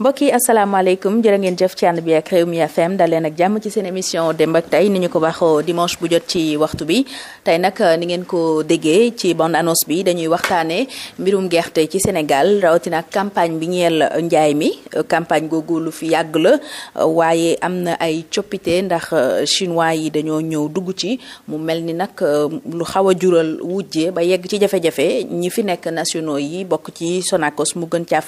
mbokk yi asalaamaaleykum jërë ngeen jëf ci ànd bi ak Rewmi FM dal leen ak jàmm ci seen émission démb ak tey ni ñu ko waxoo dimanche bu jot ci waxtu bi tey nag euh, ni ngeen ko déggee ci bande annonce bi dañuy waxtaanee mbirum gerte ci Sénégal rawatina ak campagne bi ñeel njaay mi euh, campagne googu lu fi yàgg la euh, waaye am na ay coppite ndax chinois yi dañoo ñëw dugg ci mu mel ni nag lu xaw a jural wujje ba yegg ci jafe-jafe ñi fi nekk nationaux yi bokk ci Sonacos mu gën caa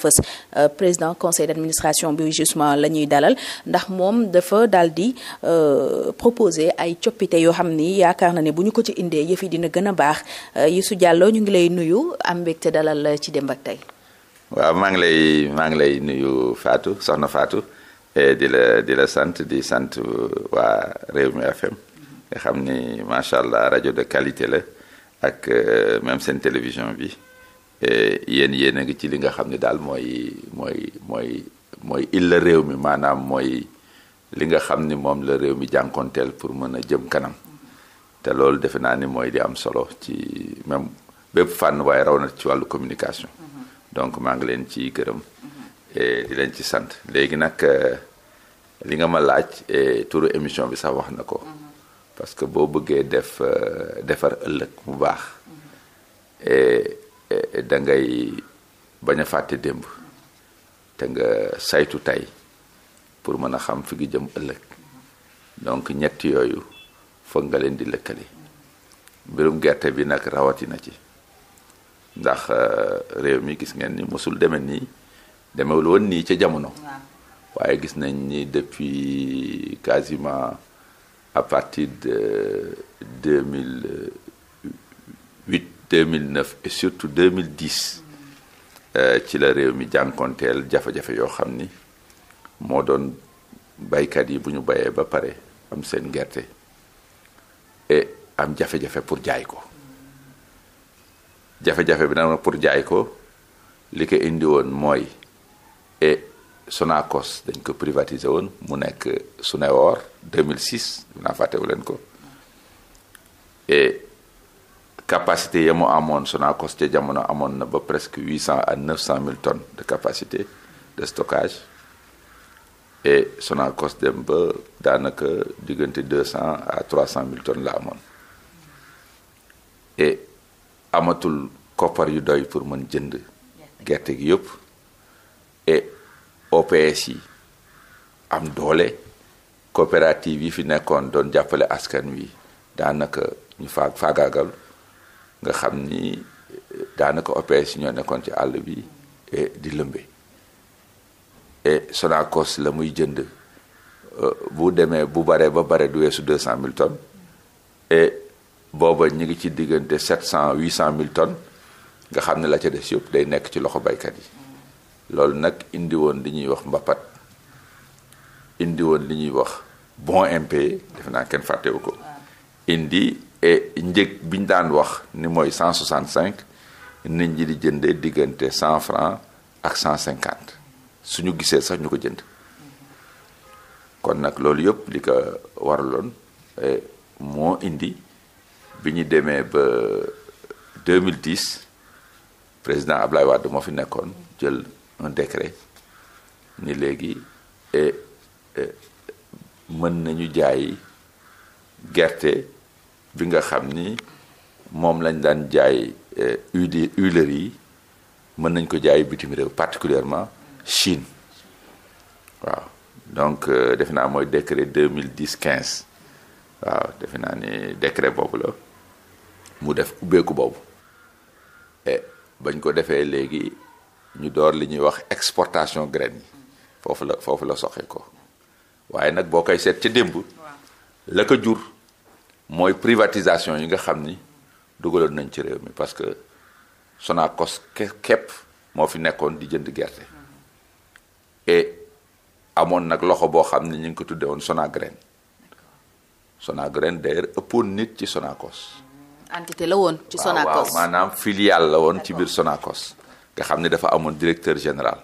président conseil administration bi justement la ñuy dalal ndax moom dafa daal di euh, proposer ay coppite yoo xam ni yaakaar na ne bu ñu ko ci indee yëf dina gën a baax euh, su jàlloo ñu ngi lay nuyu am te dalal la ci Demb ak Tay. waaw maa ngi lay maa ngi lay nuyu faatu soxna faatu di la di la sant di sant waa Rewmi FM nga xam ni macha allah rajo de qualité la ak euh, même seen télévision bi. yéen yéen a ngi ci li nga xam ne daal mooy mooy mooy mooy illa réew mi maanaam mooy li nga xam ni moom la réew mi jànkonteel pour mën a jëm kanam te loolu defe naa ni mooy di am solo ci même bépp fànn waaye raw na ci wàllu communication mm-hmm. donc maa ngi leen ci gërëm mm-hmm. et di leen ci sant léegi nag euh, li nga ma laaj et turu émission bi sax wax na ko mm-hmm. parce que boo bëggee def euh, defar ëllëg mu baax et da bañ a fàtte démb te nga saytu tey pour mën a xam fi ngi jëm ëllëg donc ñett yooyu foog nga leen di lëkkale mbirum gerte bi nag rawatina ci ndax euh, réew mi gis ngeen ni mosul deme nii demewul woon nii ca jamono waaye gis nañ ni depuis quasiment à partir de deux mille huit deux mille neuf et surtout deux mille Euh, ci la réew mi jànkonteel jafe-jafe yoo xam ni moo doon baykat yi bu ñu bayee ba pare am seen gerte et am jafe-jafe pour jaay ko jafe-jafe bi nag pour jaay ko li ko indi woon mooy e et Sonacos dañ ko privatiser woon mu nekk su ne Suneor 2006 naa fàttewu leen ko et capacité ya mu amoon Sonacos ca jamono amoon na ba presque huit cent à neuf cent mille tonnes de capacité de stockage et Sonacos dem ba daanaka diggante deux cent à trois cent mille tonnes la amoon et amatul koppar yu doy pour mën jënd gerte gi yëpp et OPS yi am doole coopérative yi fi nekkoon doon jàppale askan wi daanaka ñu faag faagaagal nga xam ni eh, daanaka OPS ñoo nekkoon ci àll bi eh, di lëmbe et eh, Sonacos la muy jënd bu demee bu baree ba bare du weesu deux cent mille tonnes booba ñu ngi ci diggante sept cent huit cent mille tonnes nga xam ne la ca des yëpp day nekk ci loxo baykat yi loolu nag indi woon li ñuy wax mbappat indi woon li ñuy wax bon impayé defe naa kenn fàttewu ko indi njëg bi ñu daan wax ni mooy cent soixante cinq nit ñi di jëndee diggante cent franc ak cent cinquante suñu gisee sax ñu ko jënd kon nag loolu yëpp li ko waraloon eh, moo indi bi ñu demee ba 2010 président Ablaye Wade moo fi nekkoon jël un décret ni léegi eh, eh, mën nañu jaayi gerte. bi nga xam ni moom lañ daan jaay eh, huile huileries yi mën nañ ko jaay bitim réew particulièrement Chine waaw donc euh, defe naa mooy décret 2010 15 waaw defe naa ni décret boobu la mu def ubbeeku boobu bañ ko defee léegi ñu door li ñuy wax exportation graines yi foofu la foofu la soxee ko waaye nag boo koy seet ca démb la ko jur mooy privatisation yi nga xam ni dugaloon nañ ci réew mi parce que Sonacos képp moo fi nekkoon di jënd gerte et amoon nag loxo boo xam ni ñu ngi ko tuddee woon Sonagraine Sonagraine d'ailleurs ëppoon nit ci Sonacos. entité la woon ci Sonacos maanaam filiale la woon ci biir Sonacos. nga xam ni dafa amoon directeur général.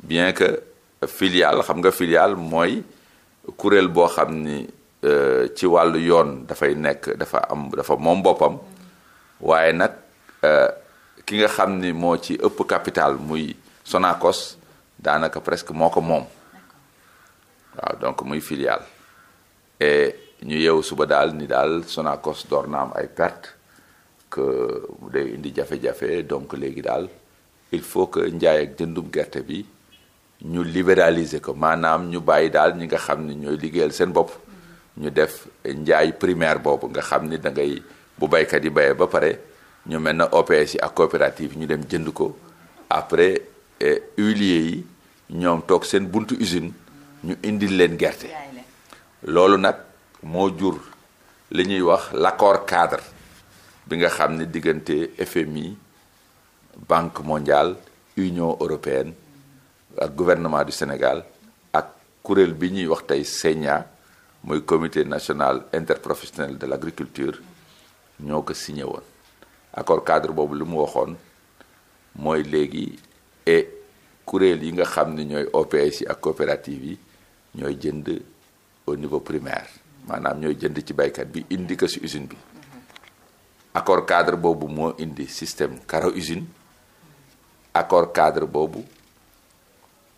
bien que filiale xam nga filial mooy kuréel boo xam ni. Euh, ci wàllu yoon dafay nekk dafa am dafa moom boppam waaye nag euh, ki nga xam ni moo ci ëpp capital muy sonakos daanaka presque moo ko moom waaw donc muy filial e ñu yeewu suba daal ni daal Sonacos door na am ay perte que mu day indi jafe-jafe donc léegi daal il faut que njaay ak jëndum gerte bi ñu libéraliser ko maanaam ñu bàyyi daal ñi nga xam ni ñooy liggéeyal seen bopp ñu def njaay primaire boobu nga xam ni da ngay bu baykat yi bayee ba pare ñu mel na OPS yi ak coopérative yi ñu dem jënd ko après eh, huiliers yi ñoom toog seen buntu usine ñu indil leen gerte loolu nag moo jur li ñuy wax l'accord cadre bi nga xam ne diggante FMI banque mondiale union européenne ak gouvernement du Sénégal ak kuréel bi ñuy wax tey CENIA muy commité national interprofessionnel de l' agriculture ñoo ko signé woon accord cadre boobu lu mu waxoon mooy léegi et kuréel yi nga xam ne ñooy OPS yi ak coopérative yi ñooy jënd au niveau primaire maanaam ñooy jënd ci baykat bi indi ko si usine bi accord cadre boobu moo indi système caro usine accord cadre boobu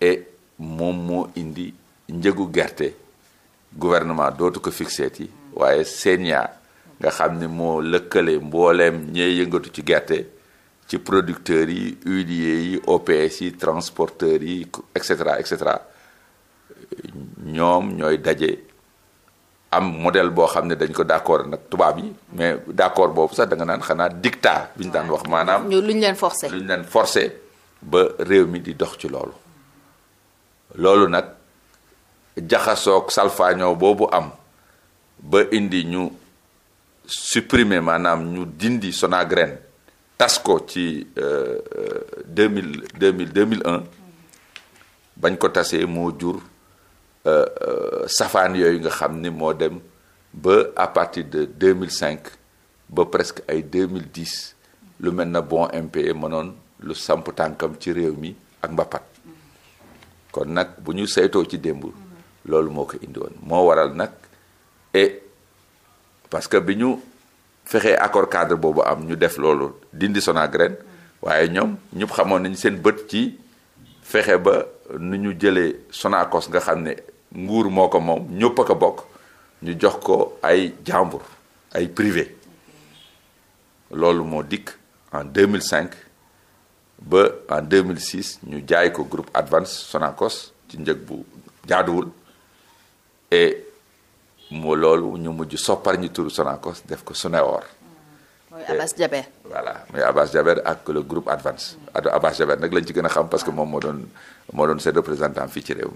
et moom moo indi njëgu gerte gouvernement dootu ko fixeeti waaye CNIA nga xam ni moo lëkkalee mbooleem ñee yëngatu ci gerte ci producteurs yi huiliers yi OPS yi transporteurs yi et cetera et cetera ñoom ñooy daje am modèle boo xam ne dañ ko d'accord nag tubaab yi mais d'accord boobu sax da nga naan xanaa dictat bi ñu daan wax maanaam. ñu luñ leen forcé luñ leen forcé ba réew mi di dox ci loolu loolu nag. jaxasoog salfaañoo boobu am ba indi ñu supprimer maanaam ñu dindi Sonagraines tas ko ci euh, euh, deux mille deux mille deux mille un bañ ko tasee moo jur euh, safaan yooyu nga xam ni moo dem ba à partir de deux mille cinq ba presque ay deux mille dix lu mel na bon MPE mënoon lu samp tànkam ci réew mi ak mbappat kon nag bu ñu saytoo ci démb. loolu moo ko indiwoon moo waral nag et parce que bi ñu fexee accord cadre boobu am ñu def loolu dindi Sonagraines waaye ñoom ñëpp xamoon nañu seen bët ci fexe ba nu ñu jëlee Sonacos nga xam ne nguur moo ko moom ñëpp a ko bokk ñu jox ko ay jàmbur ay privé loolu moo dikk en 2005 ba en 2006 ñu jaay ko groupe Advance sonakos ci njëg bu jaaduwul et moo loolu ñu mujj soppar ñu turu Sonacos def ko Suneor. Mm. mooy Abbas Jaber. voilà muy Abbas Jaber ak le groupe Advance. Mm. ad Abbas Jaber nag lañ ci gën a xam parce que ah. moom moo doon moo doon seen représentant fii ci réew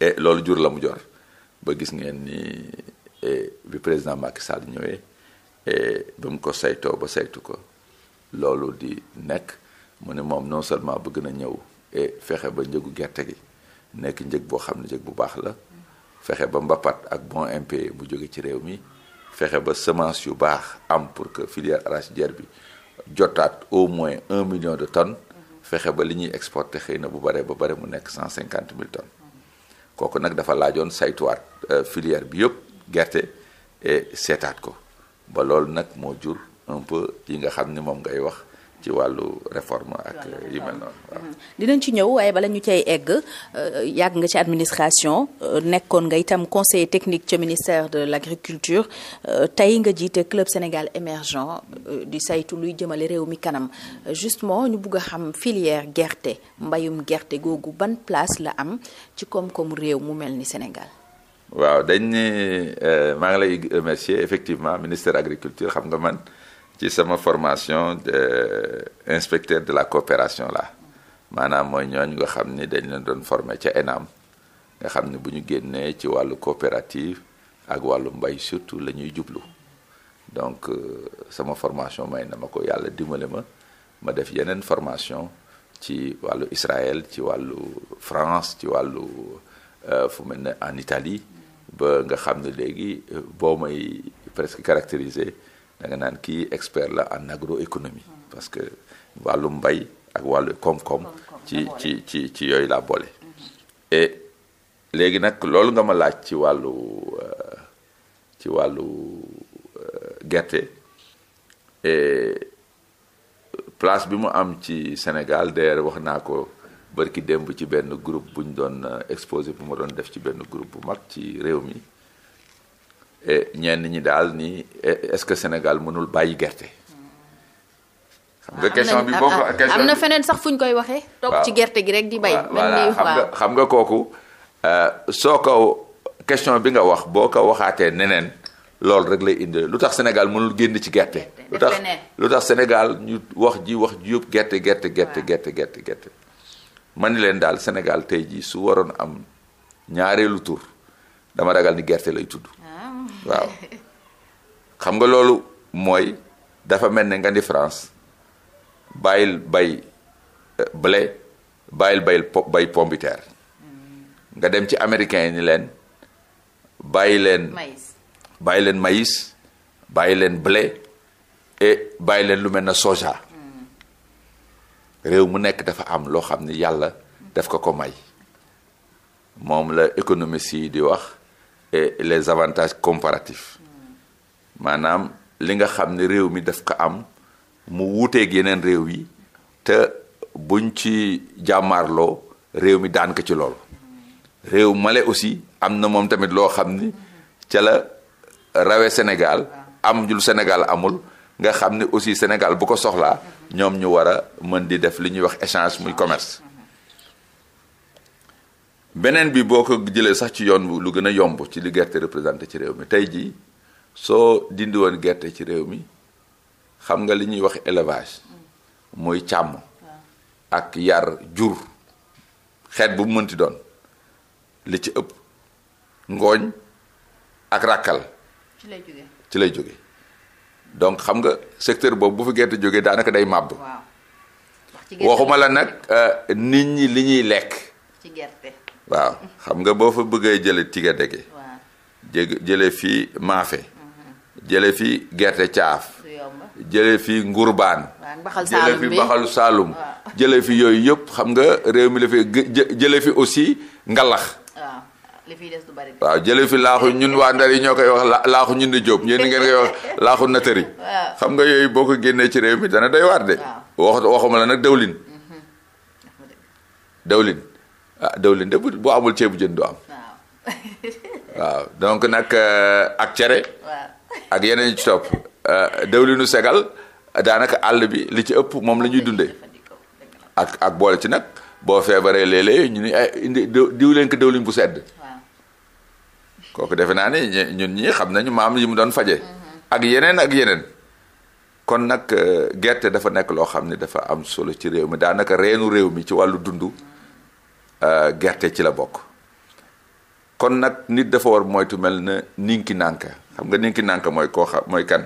mi. loolu jur la mu jor ba gis ngeen ni eh, bi président Macky Sall ñëwee eh, ba mu ko saytoo ba saytu ko loolu di nekk mu ne moom non seulement bëgg na ñëw eh, fexe ba njëgu gerte gi nekk njëg boo xam ne njëg bu baax la. fexe ba mbappat ak bon impayé mu jóge ci réew mi fexe ba semence yu baax am pour que filière arachidière bi jotaat au moins un million de tonnes fexe ba li ñuy exporté xëy na bu bare ba bare mu nekk cent cinquante mille tonnes kooku nag dafa laajoon saytuwaat euh, filière bi yëpp gerte et seetaat ko ba loolu nag moo jur un peu yi nga xam ni moom ngay wax ci wàllu réforme ak yu mel noonu waaw. Mhm. dinañ ci ñëw waaye bala ñu cay egg euh, yàgg nga ci administration euh, nekkoon nga itam conseil technique ca ministère de l' agriculture euh, tey nga jiite club Sénégal émergent di saytu luy jëmale réew mi kanam justement ñu bugg a xam filière gerte mbayum gerte googu ban place la am ci koom-koomu réew mu mel ni Sénégal. waaw dañ maa ngi lay remercier effectivement ministère agriculture xam nga man. ci sama formation de euh, inspecteur de la coopération la maanaam mooy ñooñ nga xam ni dañ leen doon former ca ENAM nga xam ni bu ñu génnee ci wàllu coopérative ak wàllu mbay surtout la ñuy jublu donc euh, sama formation may na ma ko yàlla dimbale ma ma def yeneen formation ci wàllu Israël ci wàllu France ci wàllu euh, fu mel ne en Italie ba nga xam ne léegi boo may presque caractériser da naan kii expert la en économie parce que wàllu mbay ak wàllu koom-koom ci ci ci ci yooyu laa boole léegi nag loolu nga ma laaj ci wàllu euh, ci wàllu euh, gerte place bi mu am ci Sénégal d'ailleurs wax naa ko bërki démb ci benn groupe bu ñu doon euh, exposé bu ma doon def ci benn groupe bu mag ci réew mi Eh, ñenn ñi daal ni eh, est-ce que Sénégal mënul bàyyi gerte. xam nga ah, question bi boo ah, ah, na feneen sax fu koy waxee. ci gerte gi rek di bay. voilà xam nga xam nga kooku eh, soo ko question bi nga wax boo ko waxaatee neneen loolu rek lay indi lu tax Sénégal mënul génn ci gerte. lu tax lu Sénégal ñu wax ji wax ji yëpp gerte gerte gerte gerte gerte gerte. ma ni leen daal Sénégal tey ji su waroon am ñaareelu tur dama ragal ni gerte lay tudd. waaw xam nga loolu mooy dafa mel ne nga ni France bàyyil bay euh, blé bàyyil bay bay pombiteer mm. nga dem ci américain yi ni leen bàyyi leen bàyyi leen maïs bàyyi leen blé bàyyi leen lu mel na soja mm. réew mu nekk dafa am loo xam ni yàlla def ko ko may moom la économiste yi di wax et les avantages comparatifs maanaam li nga xam ni réew mi def ko am mu wuuteeg yeneen réew yi te buñ ci jàmmaarloo réew mi daan ko ci loolu réew male aussi am na moom tamit loo xam ni ca la rawe Sénégal am jul Sénégal amul nga xam ni aussi Sénégal bu ko soxlaa ñoom ñu war a mën di def li ñuy wax échange muy commerce beneen bi boo ko jëlee sax ci yoon bu lu gën a yomb ci li gerte représenté ci réew mi tey jii soo dindi woon gerte ci réew mi xam nga li ñuy wax élevage mooy càmm ak yar jur xeet bu mu mënti doon li ci ëpp ngooñ ak ràkkal ci lay jóge donc xam nga secteur boobu bu fi gerte jógee daanaka day màbb waxuma la nag euh, nit ñi li ñuy lekk waaw xam nga boo fa bëggee jële tiga dege jë jële fii maafe mhm. jële fi gerte caaf jële fii ngurbaan jële fi baxalu saalum jële fi yooyu yëpp xam nga réew mi la fi jële fi aussi ngalax waaw jële fi laaxu ñun waa ndar yi ñoo koy wax laaxu ñun di jóob yéen ngeen koy wax laaxu natari xam nga yooyu boo ko génnee ci réew mi dana day waar de wax waxuma la nag dawlin mhm. dawlin ah dawlin de bu amul ceebu jën du am. waaw donc nag euh, ak cere. ak yeneen ci topp euh, dawlinu segal daanaka àll bi li ci ëpp moom lañuy dunde ak ak boole ci nag boo feebaree léeg-léeg ñu ni ay eh, indi diw leen ko dawlin bu sedd. kooku defe naa ni ñun ñi xam nañu maam yi mu doon faje mm-hmm. ak yeneen ak yeneen. kon nag euh, gerte dafa nekk loo xam ne dafa am solo ci réew mi daanaka reenu réew mi ci wàllu dund. Mm-hmm. Euh, gerte ci la bokk kon nag nit dafa war moytu mel na ninki nànka xam nga ninki nànka mooy koo xam mooy kan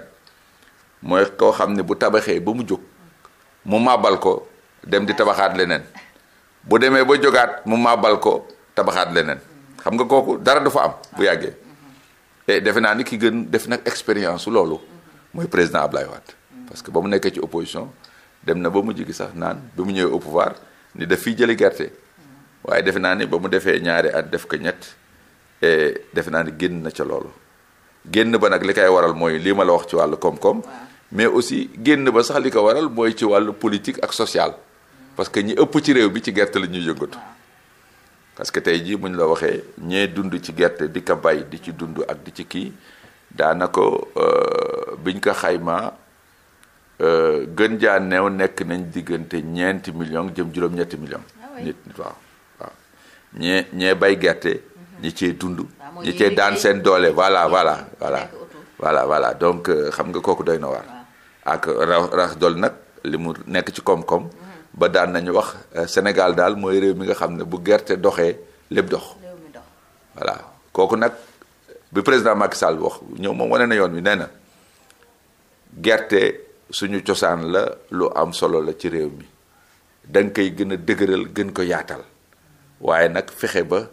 mooy koo xam ne bu tabaxee ba mu jóg mu màbbal ko dem di tabaxaat leneen bu demee ba jógaat mu màbbal ko tabaxaat leneen xam nga kooku dara du fa am bu yàggee et defe naa ni ki gën def nag expérience su loolu mooy président Ablaye Wade parce que ba mu nekkee ci opposition dem na ba mu jigi sax naan ba mu ñëwee au pouvoir ni daf fi jëli gerte waaye defe naa ni ba mu defee ñaari at def ko ñett e defe naa ni génn na ca loolu génn ba nag li koy waral mooy lii ma la wax ci wàllu koom-koom mais aussi génn ba sax li ko waral mooy ci wàllu politique ak social parce que ñi ëpp ci réew bi ci gerte la ñuy yëngatu parce que tey jii bu ñu la waxee ñee dund ci gerte di ko bay di ci dund ak di ci kii daanaka euh, biñ ko xaymaa euh, gën jaa neew nekk nañ diggante ñeenti million jëm juróom-ñetti million ah nit waaw ñee ñee bay gerte mhm. ñi cee dund ah, ñi cee daan seen doole voilà voilà voilà voilà voilà donc euh, xam nga kooku doy na waar ak rax rax dol nag li mu nekk ci koom-koom mhm. ba daan nañu wax euh, Sénégal daal mooy réew mi nga xam ne bu gerte doxee lépp dox voilà kooku nag bi président Macky Sall wax ñëw moom wane na yoon wi nee na gerte suñu cosaan la lu am solo la ci réew mi da nga koy gën a dëgëral gën ko yaatal waaye nag fexe ba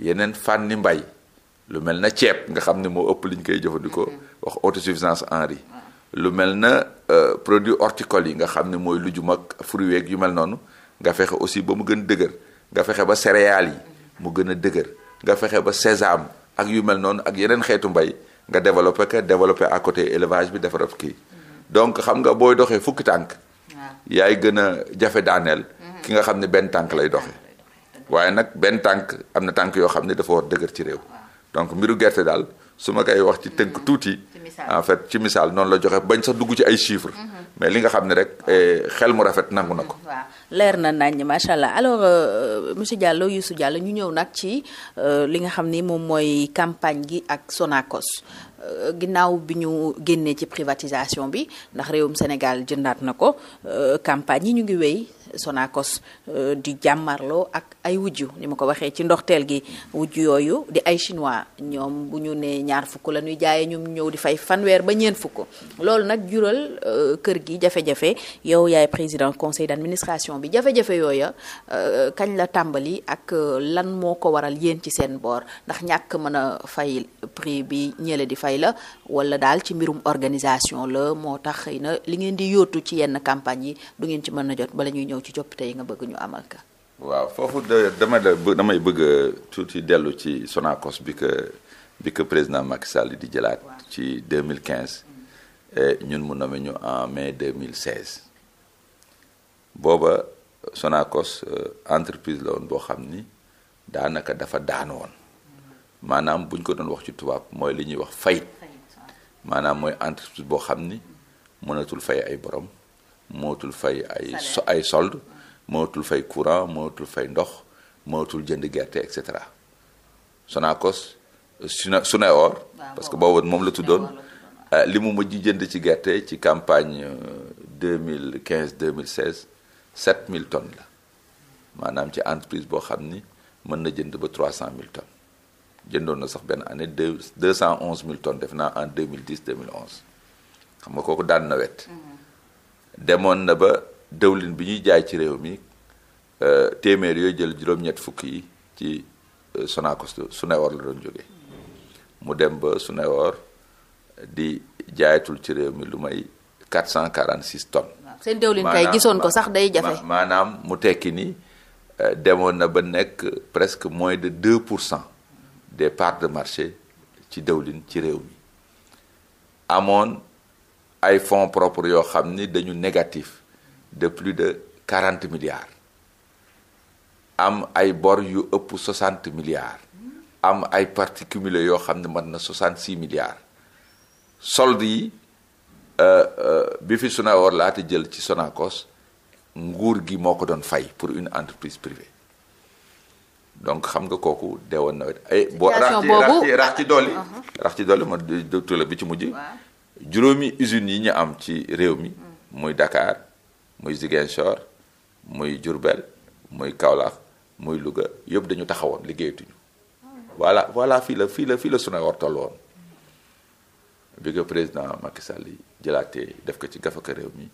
yeneen fànni mbay lu mel na ceeb nga xam ne moo ëpp liñ ñu koy jëfandikoo mm-hmm. wax auto suffisance riz lu mel na euh, produit horticole yi nga xam ne mooy lu jum ak fruit yu mel noonu nga fexe aussi ba mu gën dëgër nga fexe ba céréales yi mu gën a dëgër nga fexe ba sésame ak yu mel noonu ak yeneen xeetu mbay nga développé ko développé à côté élevage bi defar kii mm-hmm. donc xam nga booy doxee fukki tànk yaay gën a jafe daaneel mm-hmm. ki nga xam ne benn tànk lay doxee waaye nag benn tànk am na tànk yoo xam ne dafa war dëgër ci réew donc mbiru gerte daal su ma koy wax ci tënk tuuti en fait ci misaal noonu la joxe bañ sax dugg ci ay chiffres mhm. mais li nga xam ne rek eh, xel mu rafet nangu na ko waaw leer na nañ macha allah alors euh, monsieur Diallo Youssou Diallo ñu ñëw nag ci euh, li nga xam ni moom mooy campagne gi ak Sonacos euh, ginnaaw bi ñu génnee ci privatisation bi ndax réewum Sénégal jëndaat na ko campagne yi ñu ngi wéy Sonacos euh, di jàmmarloo ak ay wujju ni ma ko waxee ci ndoxteel gi wujju yooyu di ay chinois ñoom bu ñu nee ñaar fukk la ñuy jaayee ñoom ñëw di fay fanweer ba ñeent fukk loolu nag jural euh, kër gi jafe-jafe yow yaay président conseil d'administration bi jafe-jafe yooya euh, kañ la tàmbali ak lan moo ko waral yéen ci seen boor ndax ñàkk mën a fay prix bi ñële di fay la wala daal ci mbirum organisation la moo tax xëy na li ngeen di yootu ci yenn campagne yi du ngeen ci mën na jot bala ñuy ñëw ñëw ci coppite yi nga bëgg ñu amal ka waaw foofu dama damay bëgg tuuti dellu ci Sonacos bi que bi que président Macky Sall di jëlaat ci 2015 ñun mu nommé ñu en mai 2016 booba Sonacos euh, entreprise la woon boo xam ni daanaka dafa daan woon maanaam bu ñu ko doon wax ci tubaab mooy li ñuy wax fayit maanaam mooy entreprise boo xam ni mënatul fay ay borom mootul fay ay ay solde mootul fay courant mootul fay ndox mootul jënd gerte et cetera Sonacos suna Suneor parce que boobu moom la doon euh, li mu mujj jënd ci gerte ci campagne 2015 euh, 2016 mille tonnes la maanaam ci entreprise boo xam ni mën na jënd ba 300000 tonnes jëndoon na sax benn année deux 211000 ton def naa en 2010 2011 xam nga kooku daan nawet. Mhm. demoon na ba dëwlin bi ñuy jaay ci réew mi euh, téeméer yooyu jël juróom-ñett fukk yi ci euh, Sonacos Suneor la doon jóge mu dem ba Suneor di jaayatul ci réew mi lu may cent quarante 446 tonnes. seen dëwlin kay gisoon ko sax day jafe. maanaam mu tekki ni euh, demoon na ba nekk presque moins de 2 pour cent des part de marché ci dëwlin ci réew mi amoon. ay fonds propres yoo xam ni dañu négatif de plus de quarante milliards am ay bor yu ëpp soixante milliards am ay parties cumulées yoo xam ne mën na soixante six milliards solde yi euh, euh, bi fi suna war laata jël ci Sonacos nguur gi moo ko doon fay pour une entreprise privée donc xam nga kooku deewoon nawet ay eh, boo rax ci ci dolli uh-huh. rax ci dolli ma docteur la bi ci mujj juróomi usines yi ñu am ci réew mi muy Dakar muy Ziguinchor muy Diourbel muy Kaolack muy Louga yëpp dañu taxawoon liggéeyatuñu voilà voilà fii la fii la fii la suna war toll woon bi ko président Macky Sall yi jëlaatee def ko ci gafaka réew mi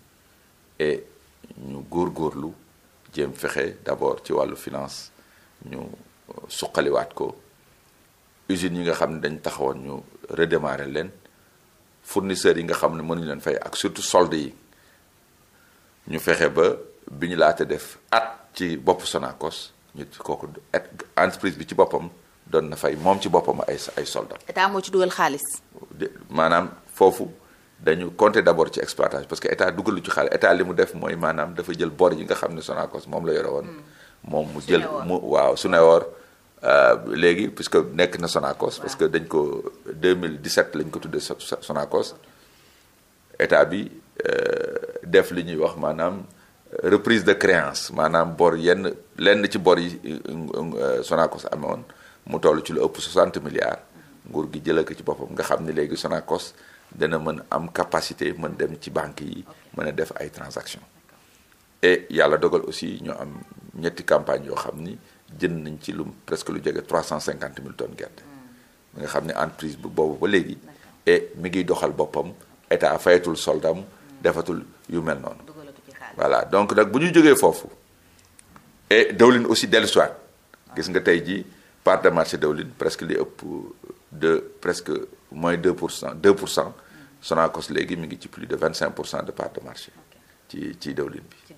et ñu góorgóorlu jéem fexe d'abord ci wàllu finance ñu euh, suqaliwaat ko usines yi nga xam ne dañ taxawoon ñu redémarrer leen fournisseurs yi nga xam ne mënuñu leen fay ak surtout solde yi ñu fexe ba bi ñu laata def at ci bopp Sonacos ñu kooku at entreprise bi ci boppam doon na fay moom ci boppam ay ay soldats. état moo ci dugal xaalis. maanaam foofu dañu conte d' abord ci exploitation parce que état dugalu ci xaalis état li mu def mooy maanaam dafa jël bor yi nga xam ne Sonacos moom la yore woon. Hmm. moom mu jël mu waaw su ne woor Euh, léegi puisque nekk na Sonacos parce que dañ ko deux mille 2017 lañ ko tuddee Sonacos état bi euh, def li ñuy wax maanaam euh, reprise de créance maanaam bor yenn lenn ci bor yi Sonacos amoon mu toll ci lu ëpp 60 milliards nguur gi jëlee ko ci boppam nga xam ni léegi sonakos dana mën am capacité mën dem ci banque yi mën a def ay transactions et yàlla dogal aussi ñoo am ñetti campagne yoo xam ni jënd nañ ci lu presque lu jege trois cent cinquante mille tonnes gerte. mi nga xam ne entreprise bu boobu ba léegi. et mi ngi doxal boppam état fayatul soldam defatul yu mel noonu. voilà donc nag bu ñu jógee foofu. et dawlin aussi dellusiwaat. gis nga tey ji part de marché dawlin presque li ëpp de presque moins deux pour cent deux pour cent. Mm. Sonacos léegi mu ngi ci plus de vingt cinq pour cent de part de marché. ci ci dawlin bi.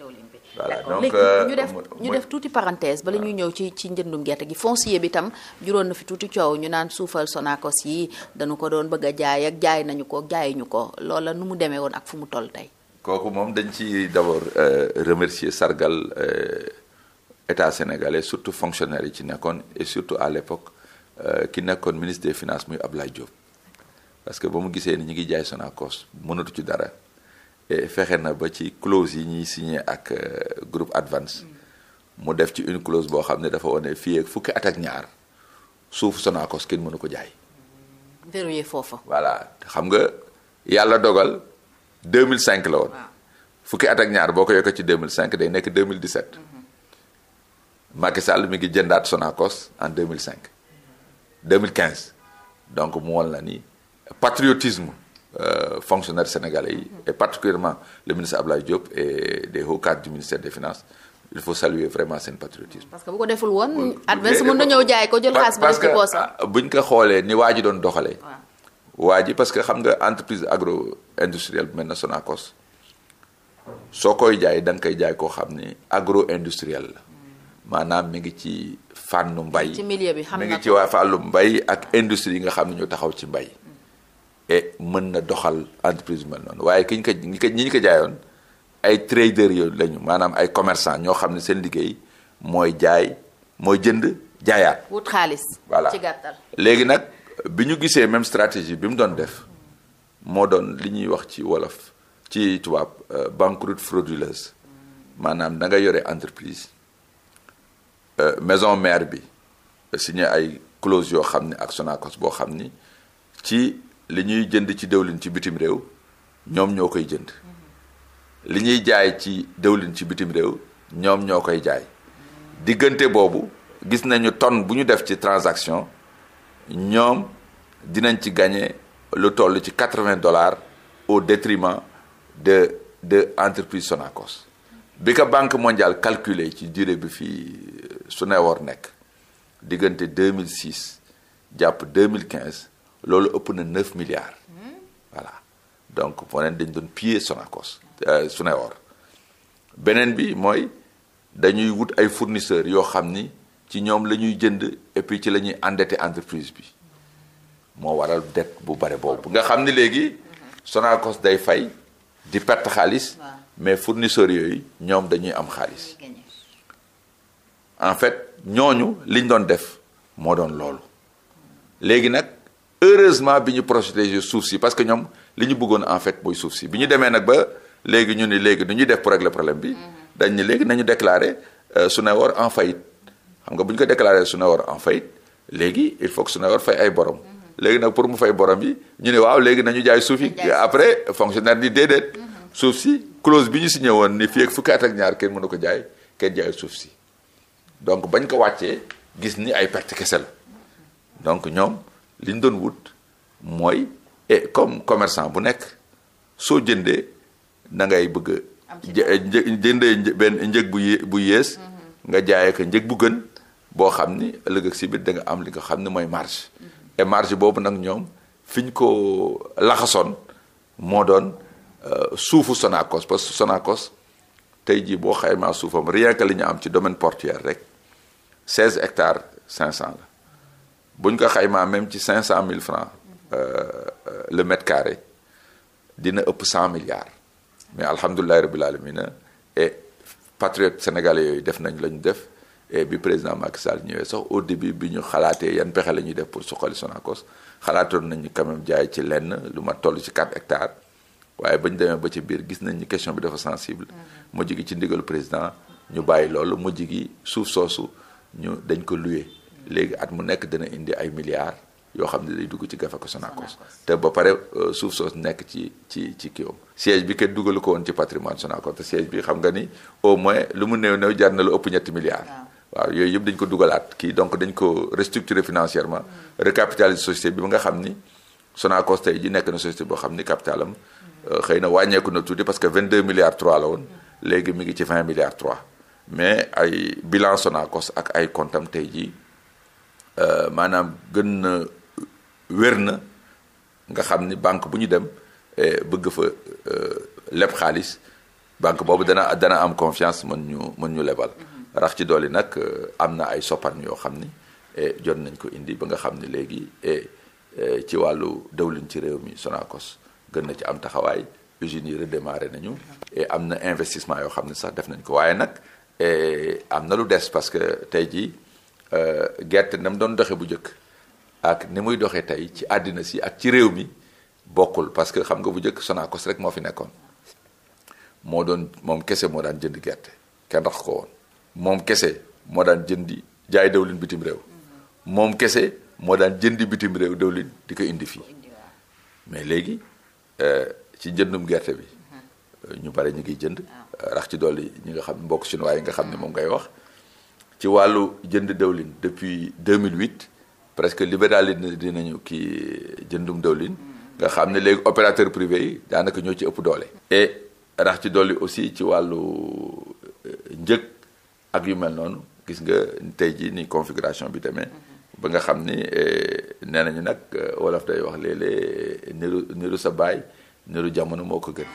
voilà donc léegi euh, ñu def ñu def tuuti parenthèse bala ñuy ñëw ci ci njëndum gerte gi foncier bi tam na fi tuuti coow ñu naan suufal Sonacos yi dañu ko doon bëgg a jaay ak jaay nañu ko jaayuñu ko loola nu mu demee woon ak fu mu toll tey. kooku moom dañ ci d'abord euh, remercier sargal euh, état sénégalais surtout fonctionnaires yi ci nekkoon et surtout à l'époque ki nekkoon ministre des finances muy Abdoulaye Diop parce que ba mu gisee ni ñu ngi jaay Sonacos mënatu ci dara. fexe na ba ci clause yi ñuy signé ak euh, groupe Advance mu def ci une clause boo xam ne dafa wane fii fukki at ak ñaar suufu Sonacos kenn mënu ko jaay. verrouillé foofa. voilà xam nga yàlla dogal 2005 la woon. fukki at ak ñaar boo ko yokkee ci 2005 day nekk 2017. Mhm. Macky Sall mi ngi jëndaat Sonacos en 2005. 2015 donc mu wol na ni patriotisme. euh, fonctionnaires sénégalais yi et particulièrement le ministre Ablaye Diop et des hauts cadres du ministère des finances il faut saluer vraiment seen patriotisme. parce que bu ko deful woon. adverse mën na ñëw jaay ko jël xaalis ba def ci poosam parce ah, xoolee ni waa ji doon doxalee. waa ji parce que xam nga entreprise agro industrielle bu mel na ne Sonacos soo koy jaay da nga koy jaay koo xam ni agro industriel la mm. maanaam mi ngi ci fànnu mbay. ci milieu bi xam na mi ngi ci waa fànnu mbay ak industrie yi nga xam ne ñoo taxaw ci mbay. mën na doxal entreprise mel noonu waaye ki ñu ko ñi ko ñi ñu ko jaayoon ay trader yooyu lañu maanaam ay commerçant ñoo xam ne seen liggéey mooy jaay mooy jënd jaayaat. wut xaalis. voilà ci léegi nag bi ñu gisee même stratégie bi mu doon def moo doon li ñuy wax ci wolof ci tubaab euh, banqueroute frauduleuse maanaam da nga yore entreprise euh, maison maire bi signé ay clause yoo xam ni ak Sonacos boo xam ni ci. li ñuy jënd ci dëwlin ci bitim réew ñoom ñoo koy jënd li ñuy jaay ci dëwlin ci bitim réew ñoom ñoo koy jaay diggante boobu gis nañu tonne bu ñu def ci transaction ñoom dinañ ci gañe lu toll ci quatre-vingts dollars au détriment de de entreprise Sonacos bi ko banque mondiale calculé ci durée bi fii euh, su ne war nekk diggante 2006 jàpp 2015 loolu ëpp na 9 milliards. voilà donc moo neen dañ doon piller Sonacos euh, Suneor beneen bi mooy dañuy wut ay fournisseurs yoo xam ni ci ñoom la ñuy jënd et puis ci la ñuy endetté entreprise bi moo waral dette bu bare boobu nga xam ni léegi Sonacos day fay di perte xaalis mais fournisseurs yooyu ñoom dañuy am xaalis en fait ñooñu liñ doon def moo doon loolu léegi nag heureusement bi ñu protéger suuf si parce que ñoom li ñu bëggoon en fait mooy suuf si bi ñu demee nag ba léegi ñu ni léegi nu ñuy def pour problème bi dañ ni léegi nañu déclarer euh, Suneor en faillite xam nga bu ñu ko déclarer Suneor en faillite léegi il faut que Suneor fay ay borom mm-hmm. léegi nag pour mu fay borom yi ñu ne waaw léegi nañu jaay suuf yi après fonctionnaire ni déedéet mm-hmm. suuf si clause bi ñu signé woon ni fii ak fukki at ak ñaar kenn mënu ko jaay kenn jaay suuf si donc bañ ko wàccee gis ni ay perte kese mm-hmm. donc ñoom li ñu doon wut mooy et comme commerçant bu nekk soo jëndee da ngay bëgg jëndee benn njëg bu yé bu mhm. nga jaayee ko njëg bu gën boo xam ni ëllëg ak si biir am li nga xam ne mooy marge mhm. et marge boobu nag ñoom fi ñu ko laxasoon moo doon euh, suufu Sonacos parce que Sonacos tey jii boo xaymaa suufam rien que li ñu am ci domaine portuaire rek seize hectares cinq cent la buñ ko xaymaa même ci cinq cent mille francs euh, euh, le mètre carré dina ëpp cent milliards mais alhamdulilahi rabbil alamina et patriotes sénégalais yooyu def nañ la ñu def et bi président Macky Sall ñëwee sax au début bi ñu xalaatee yan pexe la ñuy def pour suqali Sonacos xalaatoon nañu quand même jaay ci lenn lu ma toll ci 4 hectares waaye ba ñu demee ba ci biir gis nañ ni question bi dafa sensible mm-hmm. mujj gi ci ndigalu président ñu bàyyi loolu mujj gi suuf soosu dañ ko luye léegi at mu nekk dina indi ay milliards yoo xam ne day dugg ci gafaka Sonacos te ba pare euh, suuf soos nekk ci ci ci kiwam siège bi ken dugalu ko woon ci patrimoine Sonacos te siège bi xam nga ni au moins lu mu néew néew jar na lu ëpp ñetti milliards ah. waaw yooyu yëpp dañ ko dugalaat ki donc dañ ko restructurer financièrement hmm. recapitaliser société bi nga xam ni Sonacos tey ji nekk na société boo xam ni capitalam euh, xëy na wàññeeku na tuuti parce que 22 milliards 3 la woon hmm. léegi mi ngi ci 20 milliards 3 mais ay bilan Sonacos ak ay comptam tey jii Euh, maanaam gën na wér na nga xam ni banque bu ñu dem eh, bëgg fa euh, leb xaalis banque boobu dana dana am confiance mën ñu mën ñu lebal mm-hmm. rax ci dooli nag euh, am na ay soppan yoo xam ni eh, jot nañ ko indi ba nga xam ni léegi eh, ci wàllu dawlin ci réew mi Sonacos gën na ci am taxawaay usines yi redémarré nañu mm-hmm. am na investissement yoo xam ne sax def nañ ko waaye nag am na lu des parce que tey jii Euh, gerte na doon doxe bu njëkk ak ni muy doxee tey ci àddina si ak ci réew mi bokkul parce que xam nga bu njëkk Sonacos rek moo fi nekkoon moo doon moom kese moo daan jënd gerte kenn rax ko moom kese moo daan jëndi jaay dawlin bitim réew moom kese moo daan jëndi bitim réew dawlin di ko indi fii mais léegi euh, ci njëndum gerte bi mhm. euh, ñu bare ñu ngi jënd ah. rax ci dolli ñi nga xam mbokk si chinois yi nga xam ne ah. moom ngay wax ci wàllu jënd dawlin depuis 2008 presque libéralisé dinañu kii jëndum dawlin nga xam ne léegi opérateur privé yi daanaka ñoo ci ëpp doole. et rax ci dolli aussi ci wàllu euh, njëg ak yu mel noonu gis nga tey jii ni configuration bi demee ba nga xam ni euh, nee nañu nag euh, wolof day wax léeg-léeg niru niru sa baay niru jamono moo ko gën.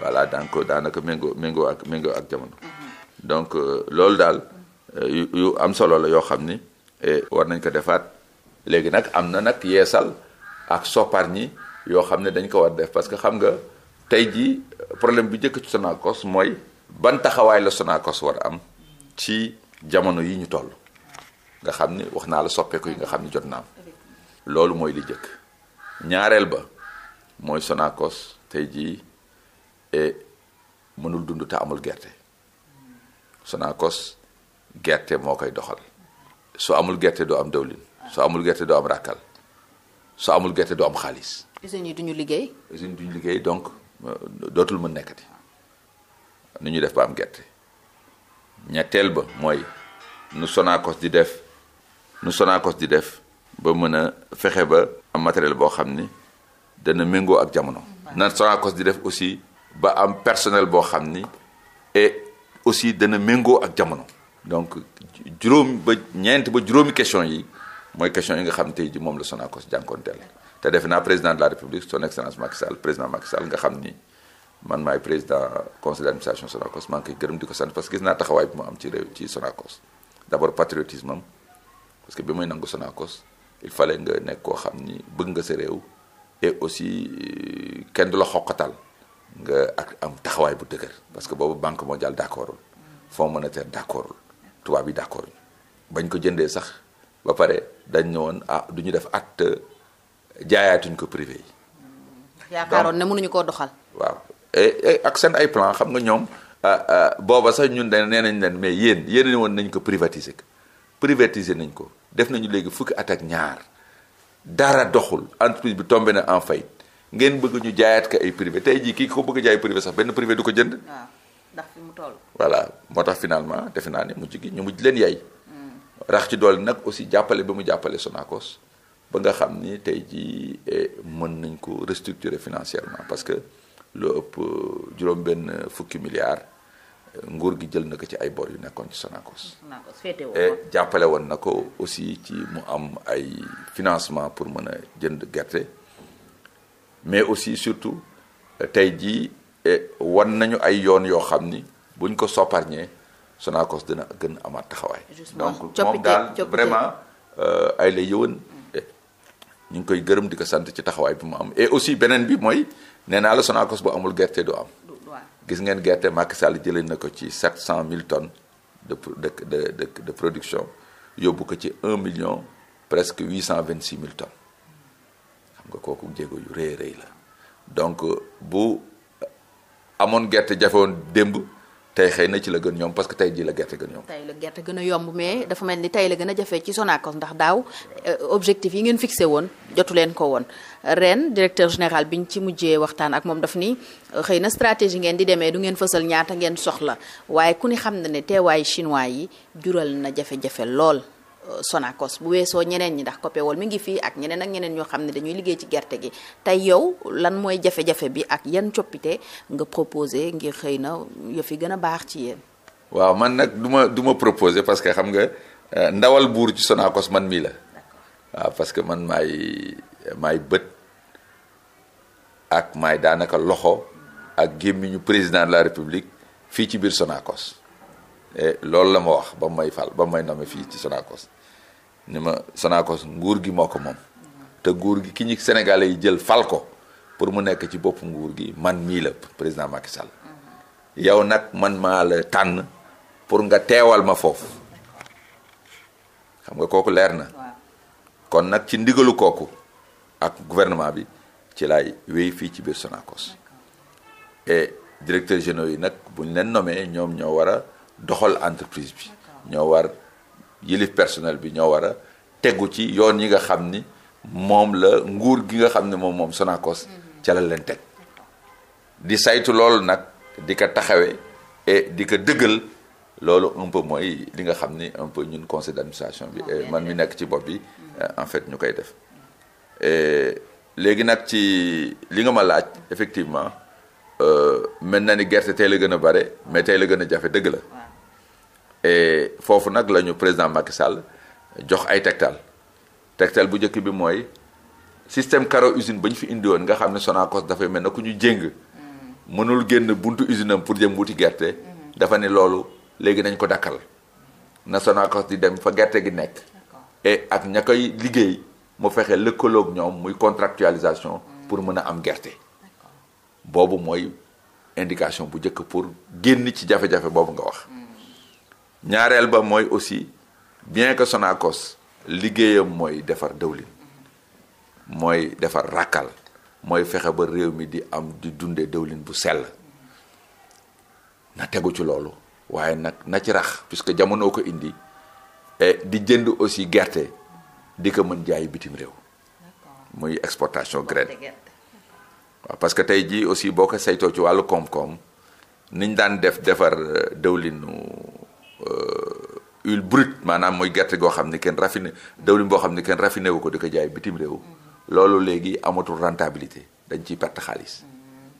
voilà donc daanaka méngoo méngoo ak méngoo ak jamono. Mm-hmm. donc loolu daal. yu am solo la yoo xam ni eh, war nañ ko defaat léegi nag am na nag yeesal ak soppar ñi yoo xam ne dañ ko war def parce que xam nga tey jii problème bi njëkk ci Sonacos mooy ban taxawaay la Sonacos war am ci jamono yi ñu toll nga xam ni wax naa la soppeeku yi nga xam ni jot naam loolu mooy li jëkk ñaareel ba mooy Sonacos tey jii eh, mënul dund te amul gerte Sonacos gerte moo koy doxal soo amul gerte doo am dawlin su amul gerte doo am ràkkal su amul gerte doo am xaalis. usines yi duñu liggéey. usines liggéey donc euh, dootul mën nekkati nu ñu def ba am gerte ñetteel ba mooy nu Sonacos di def nu Sonacos di def ba mën a fexe ba am matériel boo xam ni dana méngoo ak jamono. na Sonacos di def aussi ba am personnel boo xam ni et aussi dana méngoo ak jamono. donc juróom ba ñeent ba juróomi question yi mooy question yi nga xam tey ji moom la Sonacos jànkoonteel te defe naa président de la république son excellence Macky Sall président Macky Sall nga xam ni man maay président conseil d'administration Sonacos maa ngi koy gërëm di ko sant parce que gis naa taxawaay bi mu am ci réew ci Sonacos d'abord patriotisme am parce que bi muy nangu Sonacos il fallait nga nekk koo xam ni bëgg nga sa réew et aussi euh, kenn du la xoqatal nga ak am taxawaay bu dëgër parce que boobu banque mondiale d'accordul fonds monétaire d'accordul waa bi d'accord bañ ko jëndee sax ba pare dañ ne woon ah du ñu def acte jaayaatuñ ko privé yi. Mm. yaakaaroon ne mënuñu koo doxal. waaw ak seen ay plan xam nga ñoom ah, ah, booba sax ñun ne nee nañ leen mais yéen yéen woon nañ ko privatiser ko privatiser nañ ko def nañu léegi fukki at ak ñaar dara doxul entreprise bi tombé na en faillite ngeen bëgg ñu jaayaat ko ay privé tey jii kii ko bëgg jaay privé sax benn privé du ko jënd. ndax fi voilà moo tax finalement defe naa ne mujj gi ñu mujj leen yay. Hmm. rax ci dool nag aussi jàppale ba mu jàppale Sonacos ba nga xam ni tey ji eh, mën nañ ko restructurer financièrement parce que loo ëpp eh, juróom-benn fukki milliards eh, nguur gi jël na ko ci ay bor yu nekkoon ci Sonacos. et jàppale woon na ko aussi ci mu am ay financement pour mën a jënd gerte mais aussi surtout tey jii. Eh, wan nañu ay yoon yoo xam ni buñ ko sopparñee Sonacos dina gën amaat taxawaay. donc moom daal vraiment euh, ay la yëwan. Eh, ñu ngi koy gërëm di ko sant ci taxawaay bi mu am et aussi beneen bi mooy nee naa la Sonacos bu amul gerte du am. gis ngeen gerte Macky Sall jëlee na ko ci sept cent mille tonnes de de de de production yóbbu ko ci un million presque huit cent vingt six mille tonnes xam nga kooku jéego yu rëy rëy la donc euh, bu. amoon gerte jafewoon démb tey xëy na ci la gën ñoom parce que tey jii la gerte gën ñoom. tey gerte gën a yomb mais dafa mel ni tey la gën a jafe ci Sonacos ndax daaw euh, objectif yi ngeen fixé woon jotu leen ko woon ren directeur général bi biñ ci mujjee waxtaan ak moom dafa ni euh, xëy na stratégie ngeen di demee du ngeen fësal ñaata ngeen soxla waaye ku ni xam na ne teewaay chinois yi jural na jafe-jafe lool. Sonacos bu weesoo ñeneen ñi ndax Copéol mi ngi fii ak ñeneen ak ñeneen ñoo xam ne dañuy liggéey ci gerte gi tey yow lan mooy jafe-jafe bi ak yan coppite nga proposé ngir xëy na yëf yi gën a baax ci yéen. waaw man nag du ma du proposé parce que xam nga euh, ndawal buur ci Sonacos man mii la waaw parce que man maay maay bët ak may daanaka loxo ak gémmiñu président de la république fii ci biir Sonacos loolu la ma wax ba may fal ba may nommé fii ci Sonacos ni ma Sonacos nguur gi moo ko moom te nguur gi ki ñu Sénégalais yi jël fal ko pour mu nekk ci bopp nguur gi man mii la président Macky Sall yow nag man maa la tànn pour nga teewal ma foofu xam nga kooku leer na kon nag ci ndigalu kooku ak gouvernement bi ci lay wéy fii ci biir sonakos et directeurs généraux yi nag buñ leen nomee ñoom ñoo war a doxal entreprise bi ñoo war yilif personnel bi ñoo war a tegu ci yoon yi nga xam ni moom la nguur gi nga xam ne moom moom Sonacos mhm. ca la leen teg di saytu loolu nag di ko taxawe et di ko dëggal loolu un peu mooy li nga xam ni un peu ñun conseil d'administration bi ah, man mi nekk ci bopp bi mhm. euh, en fait ñu koy def léegi nag ci li nga ma laaj effectivement euh, mën na ni gerte tey la gën a bare mais tey la gën a jafe dëgg la et foofu nag la ñu président Macky Sall jox ay tegtal tegtal bu njëkk bi mooy système caro usine ba ñu fi indi woon nga xam ne Sonacos dafay mel na ku ñu jéng mënul génn buntu usine pour jëm wuti gerte dafa ne loolu léegi nañ ko dakkal na Sonacos di dem fa gerte gi nekk et ak ña koy liggéey mu fexe lëkkaloog ñoom muy contractualisation pour mën a am gerte boobu mooy indication bu njëkk pour génn ci jafe-jafe boobu nga wax ñaareel ba mooy aussi bien que Sonacos liggéeyam mooy defar dëwlin mooy defar ràkkal mooy fexe ba réew mi di am di dundee dëwlin bu sell na tegu ci loolu waaye nag na ci rax que jamono ko indi e di jënd aussi gerte di ko mën jaay bitim réew muy exportation graine waaw parce que tey jii aussi boo ko saytoo ci wàllu koom-koom niñ daan def defar euh, dëwlin Euh, huile brute maanaam mooy gerte goo xam ne kenn raffiné dawlin boo xam ne kenn raffiné wu ko di ko jaay bitim réew mm-hmm. loolu léegi amatul rentabilité dañ ciy perte xaalis mm-hmm.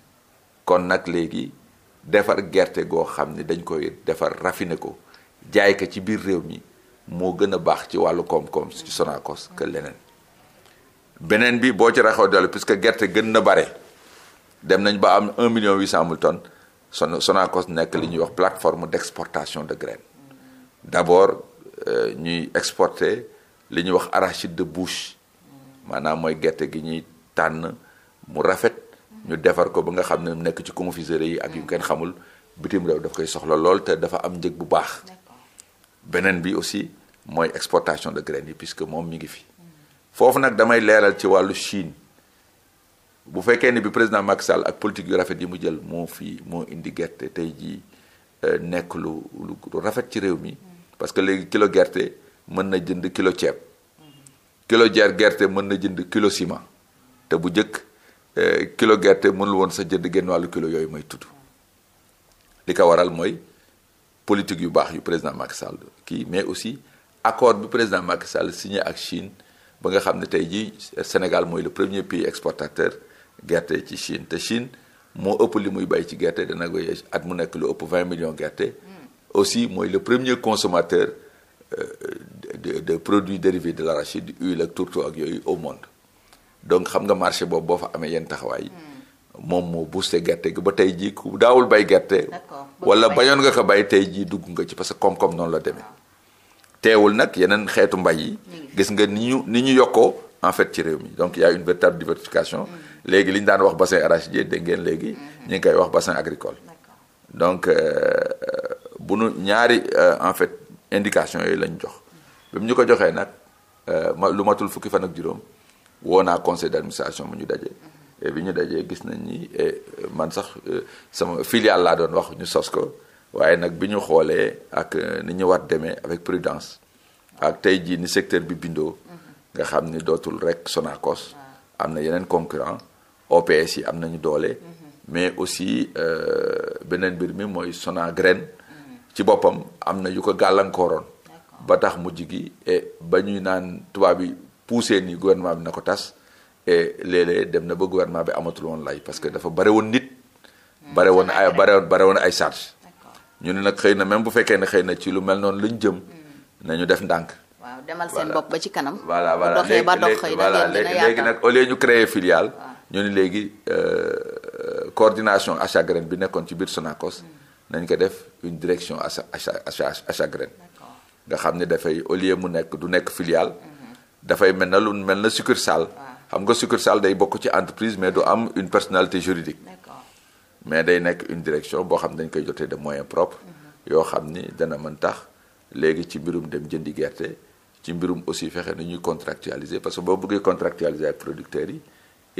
kon nag léegi defar gerte goo xam ne dañ koy defar raffiné ko jaay ko ci biir réew mi moo gën a baax ci wàllu koom-koom ci Sonacos que mm-hmm. leneen beneen bi boo ci raxaw doole puisque gerte gën na bare dem nañ ba am un million 800 mille tonnes Sonacos nekk li ñuy wax plateforme d'exportation de graines d'abord euh, ñuy exporter li ñuy wax arachide de bouche maanaam mooy gerte gi ñuy tànn mu rafet ñu defar ko ba nga xam ne nekk ci confiserie yi ak yu kenn xamul bitim réew daf koy soxla lool te dafa am njëg bu baax beneen bi aussi mooy exportation de graines yi puisque moom mi ngi fi foofu nag damay leeral ci wàllu Chine bu fekkee ni bi président Macky Sall ak politique yu rafet yi mu jël moo fi moo indi gerte tey jii euh, nekk lu lu rafet ci réew mi parce que léegi kilo gerte mën na jënd kilo ceeb kilo jeer gerte mën na jënd kilo ciment te bu njëkk eh, kilo gerte mënul woon sa jënd génn wàllu kilo yooyu may tudd li ko waral mooy politique yu baax yu président Macky Sall kii mais aussi accord bi président Macky Sall signé ak Chine ba nga xam ne tey jii Sénégal mooy le premier pays exportateur gerte ci Chine te Chine moo ëpp li muy bay ci gerte dana koy at mu nekk lu ëpp 20 millions gerte aussi mooy le premier consommateur euh, de de produits dérivés de l'arachide huile ak tourteau ak yooyu au monde donc xam nga marché boobu boo fa amee yenn taxawaay. Hmm. moom moo boosté gerte gi ba tey jii ku daawul bay gerte. wala bañoon nga ko bay tey jii dugg nga ci parce que koom-koom noonu la demee. teewul nag yeneen xeetu mbay yi. gis nga ni ñu ni ñu yokkoo en fait ci réew mi donc yaay a une véritable diversification. Hmm. léegi li ñu daan wax bassin arachidier dégg ngeen léegi. Hmm. ñu ngi koy wax bassin agricole. donc. Euh, bu nu ñaari euh, en fait indication yooyu lañ jox bi mu ñu ko joxee nag euh, ma lu matul fukki fan ak juróom woo naa conseil d'administration mu ñu daje. et bi ñu dajee gis nañ ni euh, man sax sama filiale laa doon wax ñu sos ko waaye nag bi ñu xoolee ak ni ñu war demee avec prudence ak tey jii ni secteur bi bindoo nga xam ni dootul rek Sonacos am na yeneen concurrent OPS yi am nañu doole mm-hmm. mais aussi beneen mbir mi mooy Sonagraines ci boppam am na yu ko gàllankooroon ba tax mujj gi et ba ñuy naan tubaab yi poussé ni gouvernement bi na ko tas et dem na ba gouvernement bi amatul woon lay parce que dafa bare woon nit hmm. bare woon ay bare bare woon ay charge ñu ne nag xëy na même bu fekkee ne xëy na ci lu mel noonu lañ jëm hmm. nañu def ndànk waaw demal seen bopp ba ci kanam voilà voilà doxee ba dox xëy na léegi nag au lieu ñu créer filiale ñu ni léegi euh, coordination achat grain bi nekkoon ci biir Sonacos hmm. nañ ko def une direction à chaque à chaque à nga xam ne dafay au lieu mu nekk du nekk filiale. Mm-hmm. dafay mel na lu mel na succursale. xam nga succursale day bokk ci entreprise mais du am une personnalité juridique. mais day nekk une direction boo xam ne dañ koy jotee de moyens propres. Mm-hmm. yoo xam ni dana mën tax léegi ci mbirum dem jëndi gerte ci mbirum aussi fexe na ñuy contractualiser parce que boo buggee contractualiser ak producteurs yi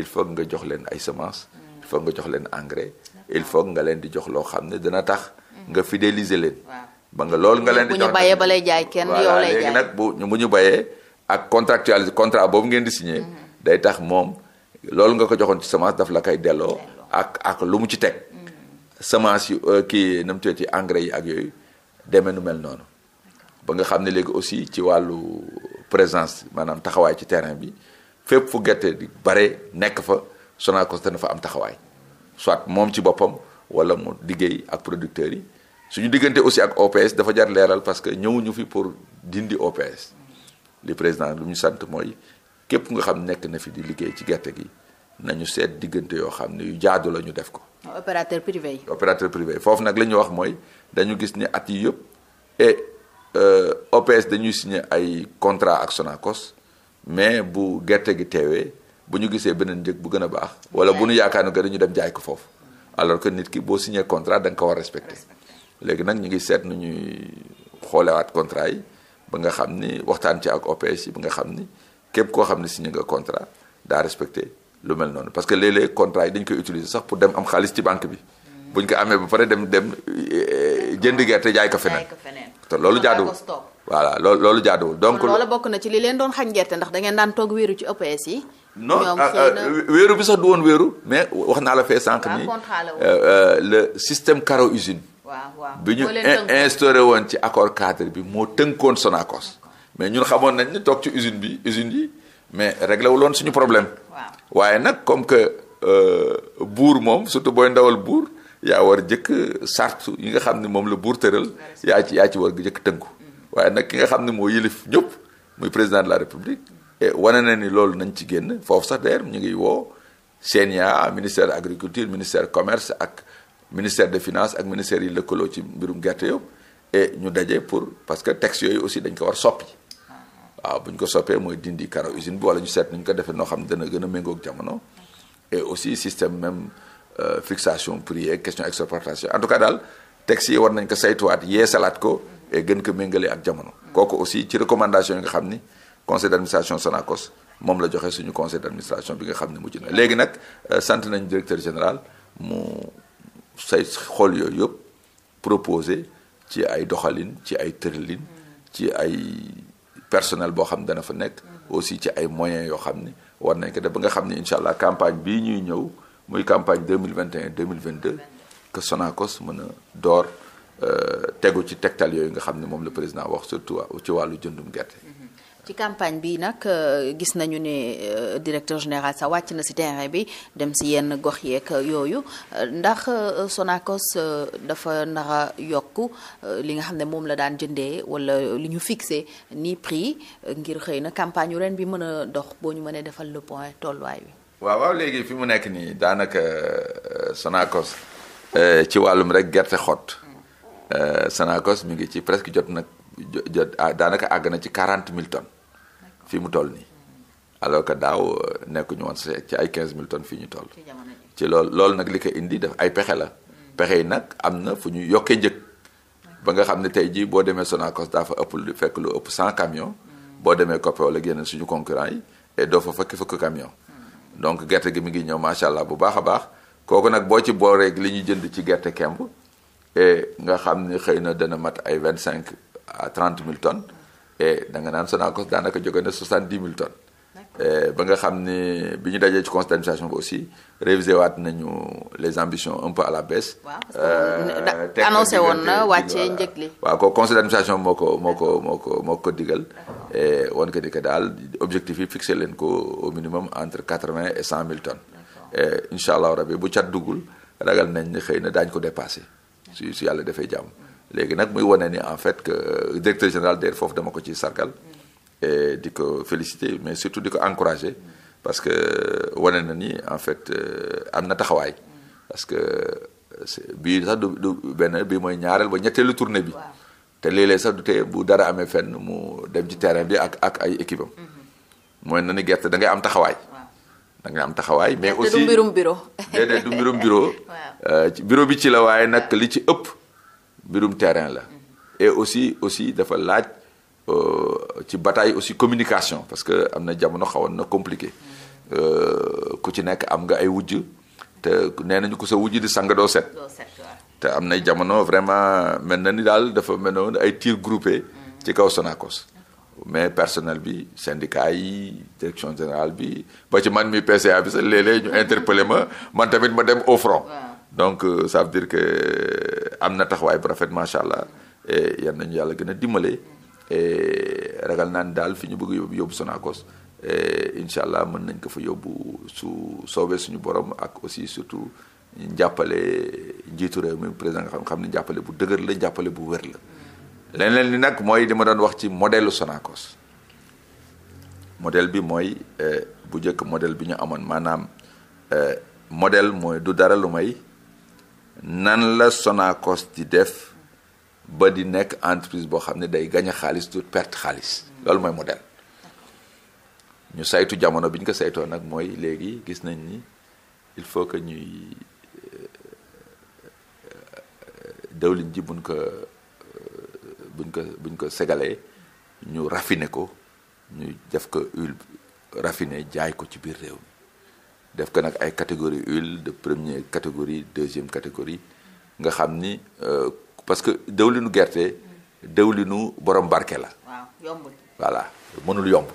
il faut nga jox leen ay semences. il nga jox leen engrais. il faut nga leen di jox loo xam ne dana tax nga fidéliser leen ba nga loolu nga leen di jox bu ñu bayee ba lay jaay kenn yow lay jaay léegi nag bu ñu bayee ak contractualisé contrat boobu ngeen di signé mhm. day tax moom loolu nga ko joxoon ci semence daf la koy delloo ak ak lu mu ci teg mhm. semence yu euh, kii na mu engrais yi ak yooyu demee nu mel noonu ba nga xam ne léegi aussi ci wàllu présence maanaam taxawaay ci terrain bi fépp fu gerte di bare nekk fa Sonacos dana fa am taxawaay soit moom ci boppam wala mu liggéey ak producteurs yi suñu diggante aussi ak OPS dafa jar leeral parce que ñëwuñu fi pour dindi OPS li président lu ñu sant mooy képp nga xam nekk na fi di liggéey ci gerte gi nañu seet diggante yoo xam ne yu jaadu la ñu def ko. opérateur privé yi. opérateur privé foofu nag la ñu wax mooy dañu gis ni at yi yëpp et euh, OPS dañuy signé ay contrat ak Sonacos mais bu gerte gi teewee bu ñu gisee beneen njëg bu gën a baax wala bu ñu yaakaar ne que dañu dem jaay ko foofu alors que nit ki boo signé contrat da nga ko war respecté léegi nag ñu ngi seet nu ñuy xoolewaat contrat yi ba nga xam ni waxtaan ci ak OPS yi ba nga xam ni képp koo xam ne signé nga contrat daa respecté lu mel noonu parce que léeg-léeg contrat yi dañ koy utiliser sax pour dem am xaalis ci banque bi mm. buñ ko amee ba pare dem dem eh, jënd gerte jaay ko feneen te loolu jaaduwul voilà loolu loolu jaaduwul donc loolu bokk na ci li leen doon xañ gerte ndax da ngeen daan toog wéeru ci OPS non ah, ah, wéeru bi sax du woon wéeru mais wax naa la fee sànq ah, ni la euh, euh, système caro usine waaw waaw bi ñu instauré woon ci accord cadre bi moo tënkoon Sonacos mais ñun xamoon nañ ni toog ci usine bi usine yi mais réglé loon suñu problème waaye nag comme que euh, buur moom surtout booy ndawal buur yaa war jëkk sart yi nga xam ne moom la buur tëral yaa ci yaa ci war jëkk tënku mm-hmm. waaye nag ki nga xam ne moo yilif ñëpp muy président de la république Eh, wane na ni loolu nañ ci génn foofu sax d'ailleurs ñu ngi woo CNIA ministère agriculture ministère commerce ak ministère de finance ak ministère yi lëkkaloo ci mbirum gerte yow et ñu daje pour parce que texte yooyu aussi dañ ko war soppi waaw bu ñu ko soppee mooy dindi karo usine bi wala ñu seet nu ñu ko defee noo xam ne dana gën a méngoog jamono et aussi système même euh, fixation prix yeeg question exportation en tout cas daal texte yi war nañ ko saytuwaat yee salaat ko et gën ko méngale ak jamono kooku aussi ci recommandation yi nga xam ni conseil d' administration moom la joxe suñu conseil d' administration bi nga xam ne mujj na léegi nag euh, sant nañ directeur général mu say xool yooyu yëpp proposé ci ay doxalin ci ay tëralin ci ay personnel boo xam ne dana fa nekk aussi ci ay moyens yoo xam ne war nañ ko def ba nga xam ne incha allah campagne bii ñuy ñëw muy campagne 2021 2022 que Sonacos mën a door euh, tegu ci tegtal yooyu nga xam ne moom la président wax surtout ci wàllu jëndum gerte ci campagne bi nag euh, gis nañu ne euh, directeur général sa wàcc na si terrain bi dem si yenn gox yeeg yooyu ndax euh, Sonacos dafa nar yokk li nga xam ne moom la daan jëndee wala li ñu fixé ni prix ngir xëy na campagne yu ren bi mën a dox boo ñu mënee defal le point tolluwaay bi. waaw léegi fi mu nekk nii daanaka Sonacos ci wàllum rek gerte xott mm. Sonacos mi ngi ci presque jot nag jot ah, daanaka àgg na ci quarante mille tonnes. fii mu toll nii alors que daaw euh, nekk ñu woon ci ay 15000 tonnes fii ñu toll. ci lool loolu nag li ko indi daf ay pexe la. Mm. pexe yi nag am na fu ñu yokkee njëg ba nga xam ne tey jii boo demee Sonacos daa fa ëpp lu fekk lu ëpp 100 mm. boo demee Coppeol ak yeneen suñu concurrents yi doo fa fekk fukk camion mm. donc gerte gi mi ngi ñëw macha allah bu baax a baax kooku nag boo ci booreeg li ñu jënd ci gerte kemb. et nga xam ne xëy na dana mat ay vingt cinq à trente mille tonnes. Eh, da nga naan Sonacos daanaka jóge na soixante dix mille tonnes. Eh, ba nga xam ni bi ñu dajee ci conseil d'administration bi aussi révisé waat nañu les ambitions un peu à la baisse. waaw euh, annoncé woon na wàccee njëg li waaw ko conseil d'administration moo ko moo ko moo ko moo ko digal. Eh, woon ko di daal objectif yi fixé leen ko au minimum entre quatre vingt et cent mille tonnes. incha allah rabi bu cat duggul ragal nañ ne xëy na daañ ko dépassé. si si yàlla dafay jàmm. léegi nag muy wane ni en fait que directeur général DER foofu dama ko ci sargal e di ko félicité mais surtout di ko encourager parce que wane na ni en fait euh, am na taxawaay parce que euh, bii sax du du benn bii mooy ñaareel ba ñetteelu tourne bi te léeg-léeg sax du tee bu dara amee fenn mu dem ci terrain bi ak ak ay équipe mm-hmm. mooy na ni gerte da ngay am taxawaay da am taxawaay mais aussi du mbirum bureau déedéet du mbirum bureau euh, ci bureau bi ci la waaye nag li ci ëpp mbirum terrain la et aussi aussi dafa laaj euh, ci bataay aussi communication parce que am na jamono xawoon na compliqué euh, ku ci nekk am nga ay wujj te nee nañu ko sa wujj di sang doo set te am na jamono vraiment mel na ni daal dafa mel noonu ay tir groupé mm. ci kaw Sonacos mais personnel bi syndicat yi direction général bi ba ci man mi PCA bi sax léeg ñu interpellé ma man tamit ma dem au front donc euh, ça veut dire que euh, am na taxawaay bu rafet macha allah et yan nañu yàlla gën a dimbale et ragal naa ni daal fi ñu bëgg yóbbu yóbbu Sonacos incha allah mën nañ ko fa yóbbu su soobee suñu borom ak aussi surtout njàppale njiitu réew mi président nga xam ne jàppale bu dëgër la jàppale bu wér la leneen li nag mooy li ma doon wax ci modelu sonakos modèle bi mooy euh, bu njëkk modèle bi ñu amoon maanaam model mooy du dara lu may nan la Sonacos di def ba di nekk entreprise boo xam ne day gañ a xaalis tout perte xaalis loolu mooy modèle ñu saytu jamono bi ñu ko saytoo nag mooy léegi gis nañ ni il faut que ñuy euh, dawlin ji euh, buñ ko buñ ko buñ ko segalee ñu raffiné ko ñu def ko huile raffiné jaay ko ci biir réew def ko nag ay catégorie huile de première catégorie deuxième catégorie nga xam ni euh, parce que dëwlinu gerte dëwlinu borom barke la. waaw voilà mënul yomb.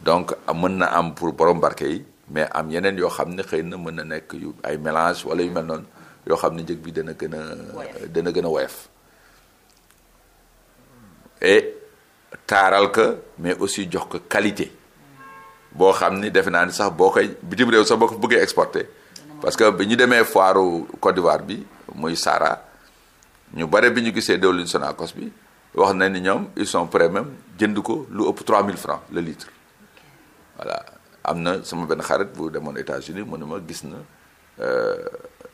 donc mën na am pour borom barke yi mais am yeneen yoo xam ne xëy na mën na nekk yu ay mélange wala yu mel noonu yoo xam ne njëg bi dana gën a. dana gën a woyof. et taaral ko mais aussi jox ko qualité. boo xam ni defe naa ni sax boo koy bitim réew sax boo ko bëggee exporté parce que bi ñu demee foiru Côte d'Ivoire bi muy Sahara ñu bare bi ñu gisee diwlin Sonacos bi wax na ni ñoom il son prêts même jënd ko lu ëpp 3000 francs le litre voilà am na sama benn xarit bu demoon États-Unis mu ne ma gis na euh,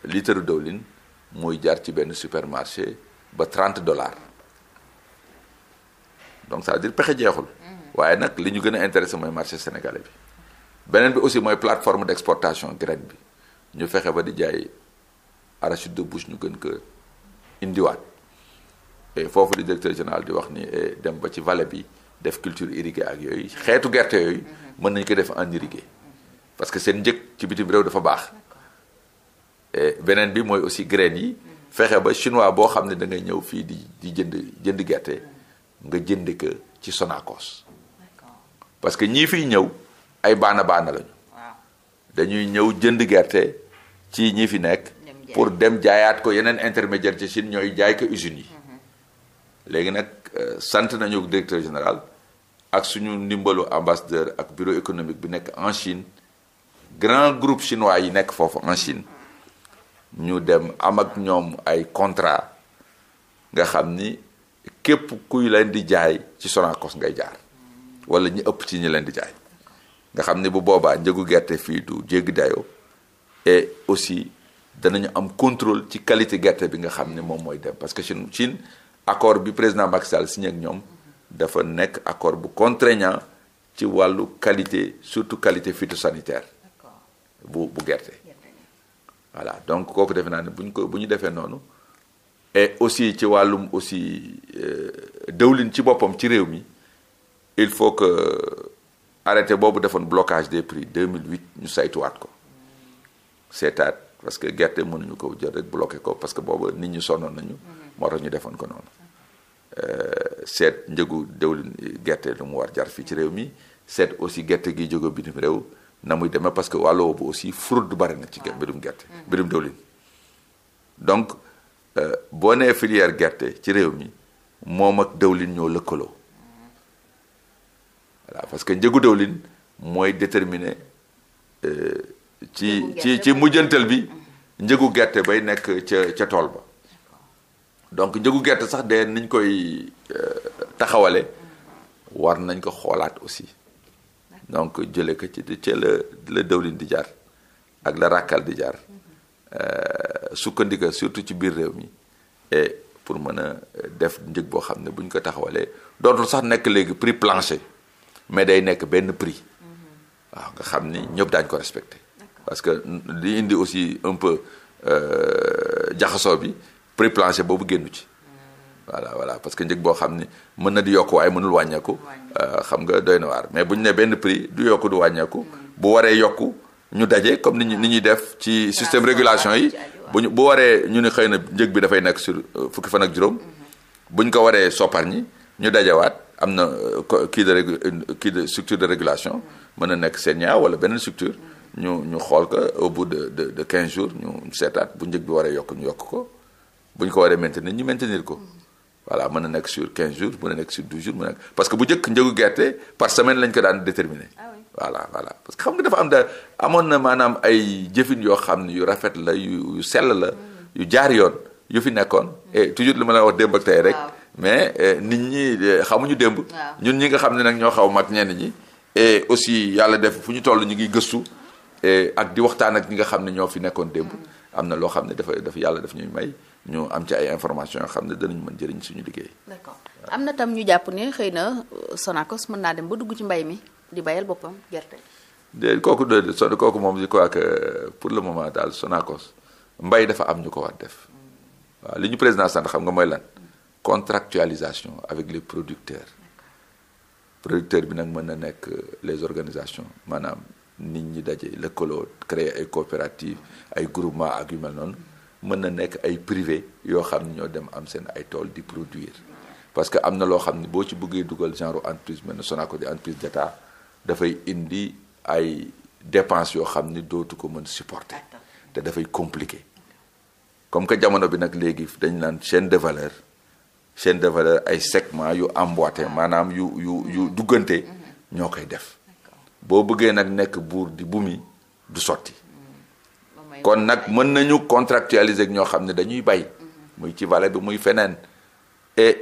litre diwlin muy jar ci benn supermarché ba 30 dollars donc ça veut dire pexe jeexul waaye nag li ñu gën a intéressé mooy marché sénégalais bi beneen bi aussi mooy plateforme d' exportation graine bi ñu fexe ba di jaay arachide de bouche ñu gën ko indiwaat et foofu li directeur général di wax ni eh, dem ba ci vallée bi def culture irriguée ak yooyu xeetu gerte yooyu mën nañu ko def en irrigué parce que seen njëg ci bitim réew dafa baax beneen bi mooy aussi graines yi fexe ba chinois boo xam ne da ngay ñëw fii di di jënd jënd gerte nga jënd ko ci Sonacos parce que ñii fiy ñëw ay baana baana lañu dañuy ñëw jënd gerte ci ñi fi nekk pour dem jaayaat ko yeneen intermédiaire ci Chine ñooy jaay ko usines yi mhm. léegi nag euh, sant nañu directeur général ak suñu ndimbalu ambassadeur ak bureau économique bi nekk en Chine grand groupe chinois yi nekk foofu en Chine mhm. ñu dem am ak ñoom ay contrat nga xam ni képp kuy leen di jaay ci Sonacos ngay jaar wala ñu ëpp ci ñu leen di jaay nga xam ne bu boobaa njëgu gerte fii du jéggi dayo et aussi danañu am contrôle ci qualité gerte bi nga xam ne moom mooy dem parce que Chine Chine accord bi président Macky Sall signé ak ñoom dafa nekk accord bu contraignant ci wàllu qualité surtout qualité phytosanitaire bu bu gerte voilà donc kooku defee naa ne buñ ko bu ñu defee noonu aussi ci wàllum aussi euh, dëwlin ci boppam ci réew mi il faut que arrête boobu defoon blocage des prix 2008 ñu saytuwaat ko seetaat parce que gerte mënuñu ko jël rek bloqué ko parce que boobu nit ñu sonnoon nañu. Mm-hmm. moo tax ñu defoon ko noonu. Euh, seet njëgu déwlin gerte lu mu war jar fii ci réew mi seet aussi gerte gi jóge bitim réew na muy demee parce que wàll boobu aussi fraude bari na ci ah. mbirum gerte. Mm-hmm. mbirum déwlin donc euh, boo nee filière gerte ci réew mi moom ak déwlin ñoo lëkkaloo. voilà parce que njëgu dawlin mooy déterminer euh, ci ci ci mujjantal bi njëgu gerte bay nekk ca ca tool ba donc njëgu gerte sax de niñ koy euh, taxawale war nañ ko xoolaat aussi donc jële ko ci ci la la di jaar ak la ràkkal di jaar euh, sukkandika surtout ci biir réew mi et pour mën a def njëg boo xam ne buñ ko taxawalee dootul sax nekk léegi prix plancher mais day nekk benn prix waaw nga xam ni ñëpp daañu ko respecté parce que li indi aussi un peu euh, jaxasoo bi prix plancher boobu génnu ci voilà voilà parce que njëg boo xam ni mën na di yokk waaye mënul wàññeeku euh, xam nga doy na waar mais bu ñu ne benn prix du yokku du wàññeeku hmm. bu waree yokku ñu daje comme nit ñu ni ñuy def ci système régulation yi bu ñu bu waree ñu ni xëy na njëg bi dafay nekk sur euh, fukki fan ak juróom hmm. bu ñu ko waree soppar ñi ñu dajewaat am na kii de régul kii de structure de régulation mën na nekk CNIA wala beneen structure ñu ñu xool ko au bout de de quinze jours ñu seetaat bu njëg bi waree yokk ñu yokk ko bu ñu ko waree maintenir ñu maintenir ko voilà mën a nekk sur quinze jours mën na nekk sur douze jours mën na nekk parce que bu njëkk njëgu gerte par semaine lañ ko daan déterminer. Ah voilà voilà parce que xam nga dafa am da amoon na maanaam ay jëfin yoo xam ne yu rafet la yu sell la mm. yu jaar yoon yu fi nekkoon mm. et toujours li ma la wax rek. mais euh, nit ñi euh, xamuñu démb. ñun ñi nga xam ne nag ñoo xaw mag ñenn ñi. aussi yàlla def fu ñu toll ñu ngi gëstu ak di waxtaan ak ñi nga xam ne ñoo fi nekkoon démb. Mm. am na loo xam ne dafa dafa yàlla def ñuy may ñu am ci ay information yoo xam ne danañu mën jëriñ suñu liggéey. d'accord am na tam ñu jàpp ne xëy na euh, Sonacos mën naa dem ba dugg ci mbay mi di bayal boppam gerte. de kooku de son kooku moom je crois que pour le moment daal Sonacos mbay dafa am ñu ko war def mm. waaw li ñu président sant xam nga mooy lan. contractualisation avec les producteurs producteurs bi nag mën na nekk euh, les organisations maanaam nit ñi daje lëkkaloo créer ay coopératives ay groupement ak yu mel noonu mën na nekk ay privé yoo xam ne ñoo dem am seen ay tool di produire parce que am na loo xam ne boo ci bëggee dugal genre entreprise mel ne Sonaco di entreprise d'État dafay indi ay dépenses yoo xam ni dootu ko mën supporter te dafay compliqué comme que jamono bi nag léegi dañu naan chaîne de valeur seen de valeur ay segment yu emboîté maanaam yu yu yu duggante ñoo koy def boo bëggee nag nekk buur di bumi du sotti kon nag mën nañu contractualiser ñoo xam ne dañuy bay muy ci vallée bi muy feneen et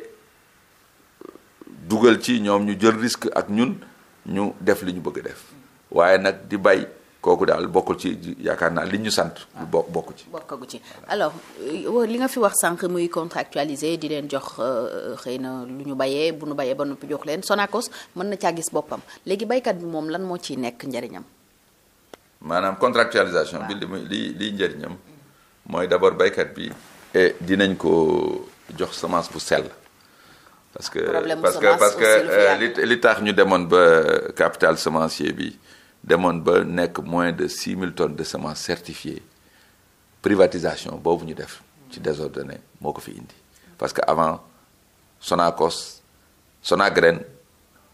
dugal ci ñoom ñu jël risque ak ñun ñu def li ñu bëgg def waaye nag di bay kooku daal bokkul ci yaakaar naa li ñu sant. bokk bokku ci. bokkagu ci alors euh, li nga fi wax sànq muy contractualisé di leen jox euh, xëy na lu ñu bayee bu ñu bayee ba noppi jox leen Sonacos mën na caa gis boppam léegi baykat bi moom lan moo ciy nekk njariñam. maanaam contractualisation bi li li njëriñam mooy d'abord baykat bi e, dinañ ko jox semence bu sel parce que parce que parce que euh, li li tax ñu demoon ba capital semencier bi demoon ba nekk moins de six mille tonnes de semence certifiée privatisation boobu ñu def ci désordonné moo ko fi indi parce que avant Sonacos Sonagraine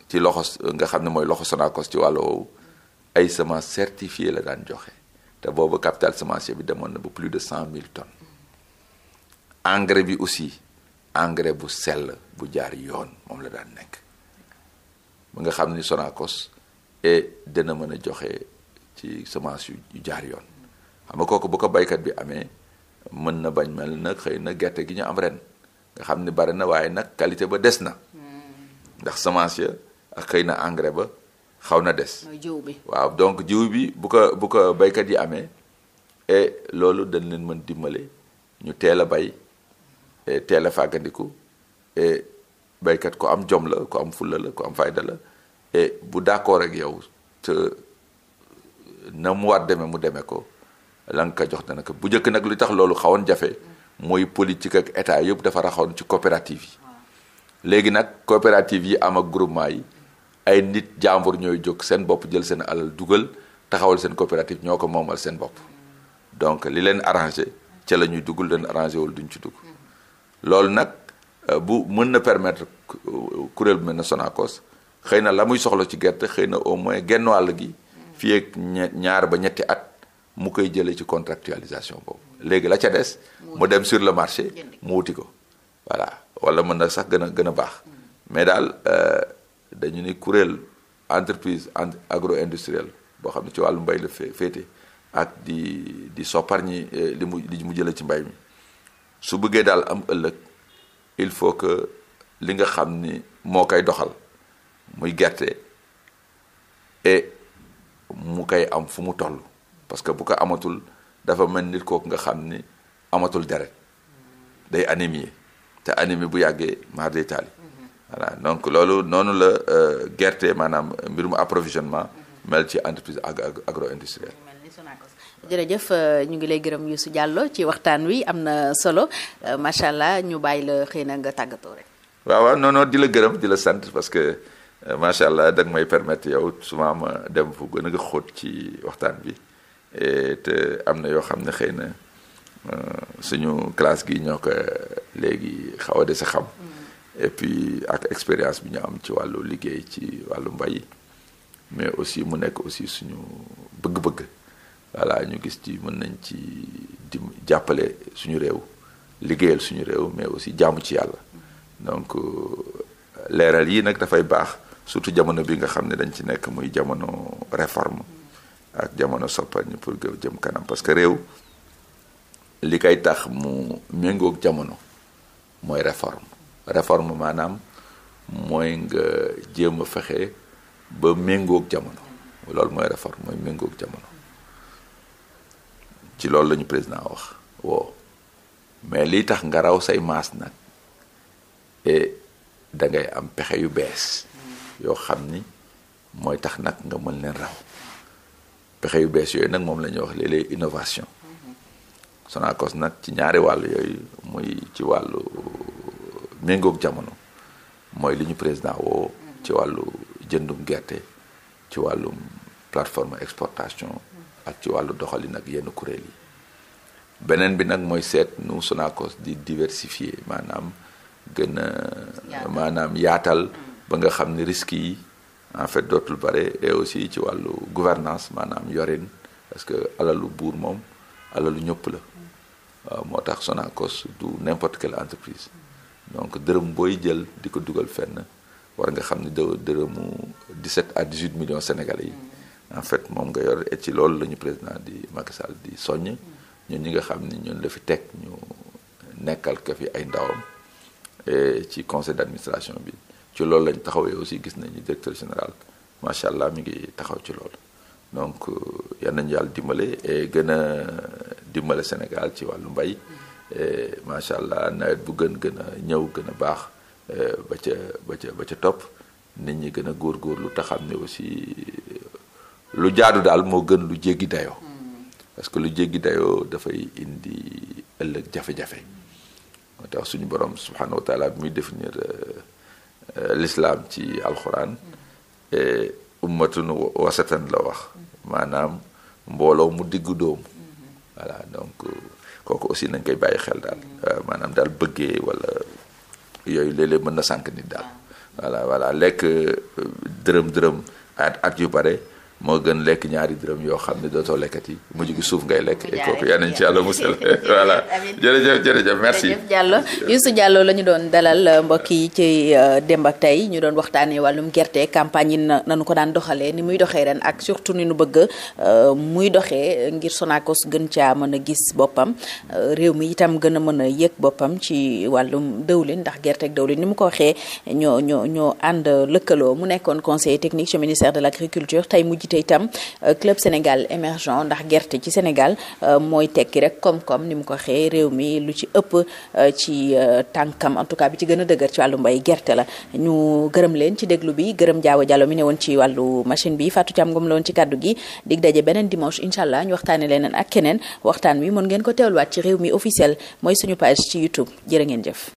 ci loxo nga xam ne mooy loxo Sonacos ci wàll woowu ay semence certifiée la daan joxe te boobu capital semencier bi demoon na ba plus de cent mille ton engrais bi aussi engrais bu sell bu jaar yoon moom la daan nekk ba nga xam ni Sonacos et dana mën a joxe ci semence yu jaar yoon xam nga kooku bu ko baykat bi amee mën na bañ mel nag xëy na gerte gi ñu am ren nga xam ne bari na waaye nag qualité ba des na hmm. ndax semence ya ak xëy na engrais ba xaw na des jiw bi waaw donc jiw bi bu ko bu ko baykat yi amee et loolu dañ leen mën dimbale ñu teel a bay teel a fàggandiku et baykat ku am jom la ku am fulla la ku am fayda la et eh, bu d'accord ak yow te na mu war demee mu demee ko la nga ko jox dana ko bu njëkk nag li tax loolu xawoon jafe mooy politique ak état yëpp dafa raxoon ci coopérative yi léegi nag coopérative yi am ak groupement yi ay nit jàmbur ñooy jóg seen bopp jël seen alal dugal taxawal seen coopérative ñoo ko moomal seen bopp donc li leen arrangé ca la ñuy dugg leen arrangé wul duñ ci dugg hmm. loolu nag euh, bu mën na permettre euh, kuréel bu mel ne Sonacos xëy na la muy soxla ci gerte xëy na au moins genn wàll gi fii ak ñaar ba ñetti at mu koy jëlee ci contractualisation boobu léegi la ca des mu dem sur le marché mu wuti ko voilà wala mën nag sax gën a gën a baax mais daal euh, dañu ni kuréel entreprise agro industrielle boo xam ne ci wàllu mbay la féete ak di di sopparñi euh, li mu li mu jëlee ci mbay mi su bëggee daal am ëllëg il faut que li nga xam ni moo koy doxal muy gerte et mu koy am fu mu toll parce que bu ko amatul dafa mel nit kooku nga xam ni amatul deret day anémie te anémie bu yàggee maar day taali voilà donc loolu noonu la euh, gerte maanaam mbirum approvisionnement mel ci entreprise agro industrielle jërëjëf euh, ñu ngi lay gërëm Youssou Diallo ci waxtaan wi am na solo euh, macha allah ñu bàyyi la xëy na nga tàggatoo rek. waaw waaw di la gërëm di la sant parce que. Euh, macha allah da nga may permettre yow souvent ma dem fu gën a xóot ci waxtaan bi te am na yoo xam ne xëy na euh, suñu classe gi ñoo ko léegi xaw a dese xam. et ak expérience bi ñoo am ci wàllu liggéey ci wàllu mbay mais aussi mu nekk aussi suñu bëgg-bëgg voilà ñu gis ci mën nañ ci di jàppale suñu réew liggéeyal suñu réew mais aussi jaamu ci yàlla donc euh, leeral yi nag dafay baax. surtout jamono bi nga xam ne dañ ci nekk muy jamono réforme ak jamono soppal ñu pour jëm kanam parce que réew li kay tax mu méngoog jamono mooy réforme réforme maanaam mooy nga jéem a fexe ba méngoog jamono loolu mooy réforme mooy méngoog jamono ci loolu lañu président wax woo mais lii tax nga raw say maas nag et da ngay am pexe yu bees yoo xam ni mooy tax nag nga mën leen raw pexe yu bees yooyu nag moom la wax léeg-léeg innovation Sonacos nag ci ñaari wàll yooyu muy ci wàllu méngoog jamono mooy li ñu président woo ci wàllu jëndum gerte ci wàllu plateforme exportation ak ci wàllu doxalin ak yenn kuréel yi beneen bi nag mooy seet nu Sonacos di diversifier maanaam gën a maanaam yaatal mm. ba nga xam ni risques yi en fait dootul bare aussi ci wàllu gouvernance maanaam yorin parce que alalu buur moom alalu ñëpp la waaw moo tax Sonacos du n'importe quelle entreprise donc dërëm booy jël di ko dugal fenn war nga xam ni dërëmu 17 à 18 millions sénégalais yi en fait moom nga yor et ci loolu la ñu président di Macky Sall di soññ ñun ñi nga xam ni ñun la teg ñu nekkal ko fi ay ndawam et ci conseil d'administration bi ci loolu lañ taxawee aussi gis nañu directeur général macha allah mu ngi taxaw ci lool donc euh, yal nañu dimbale et gën a dimbale Sénégal ci wàllu mbay macha allah nawet bu gën gën a ñëw gën a baax euh, ba ca ba ca ca topp nit ñi gën a góor lu taxam ne aussi euh, lu jaadu daal moo gën lu jéggi dayo hmm. parce que lu jéggi dayoo dafay indi ëllëg jafe-jafe. moo tax suñu borom subhanahu wa taala bi muy définir. Euh, lislaam ci alxuraan ummatun wasatan la wax maanaam mbooloo mu diggu dóomu voilà donc euh, kooku aussi nañ koy bàyyi xel daal mm-hmm. euh, maanaam daal bëggee wala yooyu léeg mën na sànq nit daal ah. voilà voilà lekk dërëm dërëm at at yu bare moo gën lekk ñaari dërëm yoo xam ne dootoo lekkati mujj gi suuf ngay lekk. jaaree kooku yal nañ ci yàlla musal voilà jërëjëf jërëjëf merci. jërëjëf Diallo Youssou Diallo la ñu doon dalal euh, mbokk yi ci euh, démb ak tey ñu doon waxtaanee wàllum gerte campagne yi nañu ko daan doxalee ni muy doxee ren ak surtout ni nu bëgg euh, muy doxee ngir Sonacos gën caa mën a gis boppam réew mi itam gën a mën a yëg boppam ci wàllum dëwlin ndax gerte ak dëwlin ni mu ko waxee ñoo ñoo ñoo ànd lëkkaloo mu nekkoon conseiller technique ci ministère de te itam euh, club Sénégal émergent ndax gerte ci Sénégal euh, mooy tekki rek koom-koom ni mu ko waxee réew mi lu ci ëpp euh, ci tànkam en tout cas bi ci gën a dëgër ci wàllu mbay gerte la ñu gërëm leen ci déglu bi gërëm jaawa jàllo mi ne woon ci wàllu machine bi Fatou Thiam Ngom la woon ci kàddu gi dig daje beneen dimanche incha allah ñu waxtaanee leneen ak keneen waxtaan wi mën ngeen ko teewluwaat ci réew mi officiel mooy suñu page ci YouTube jërë ngeen jëf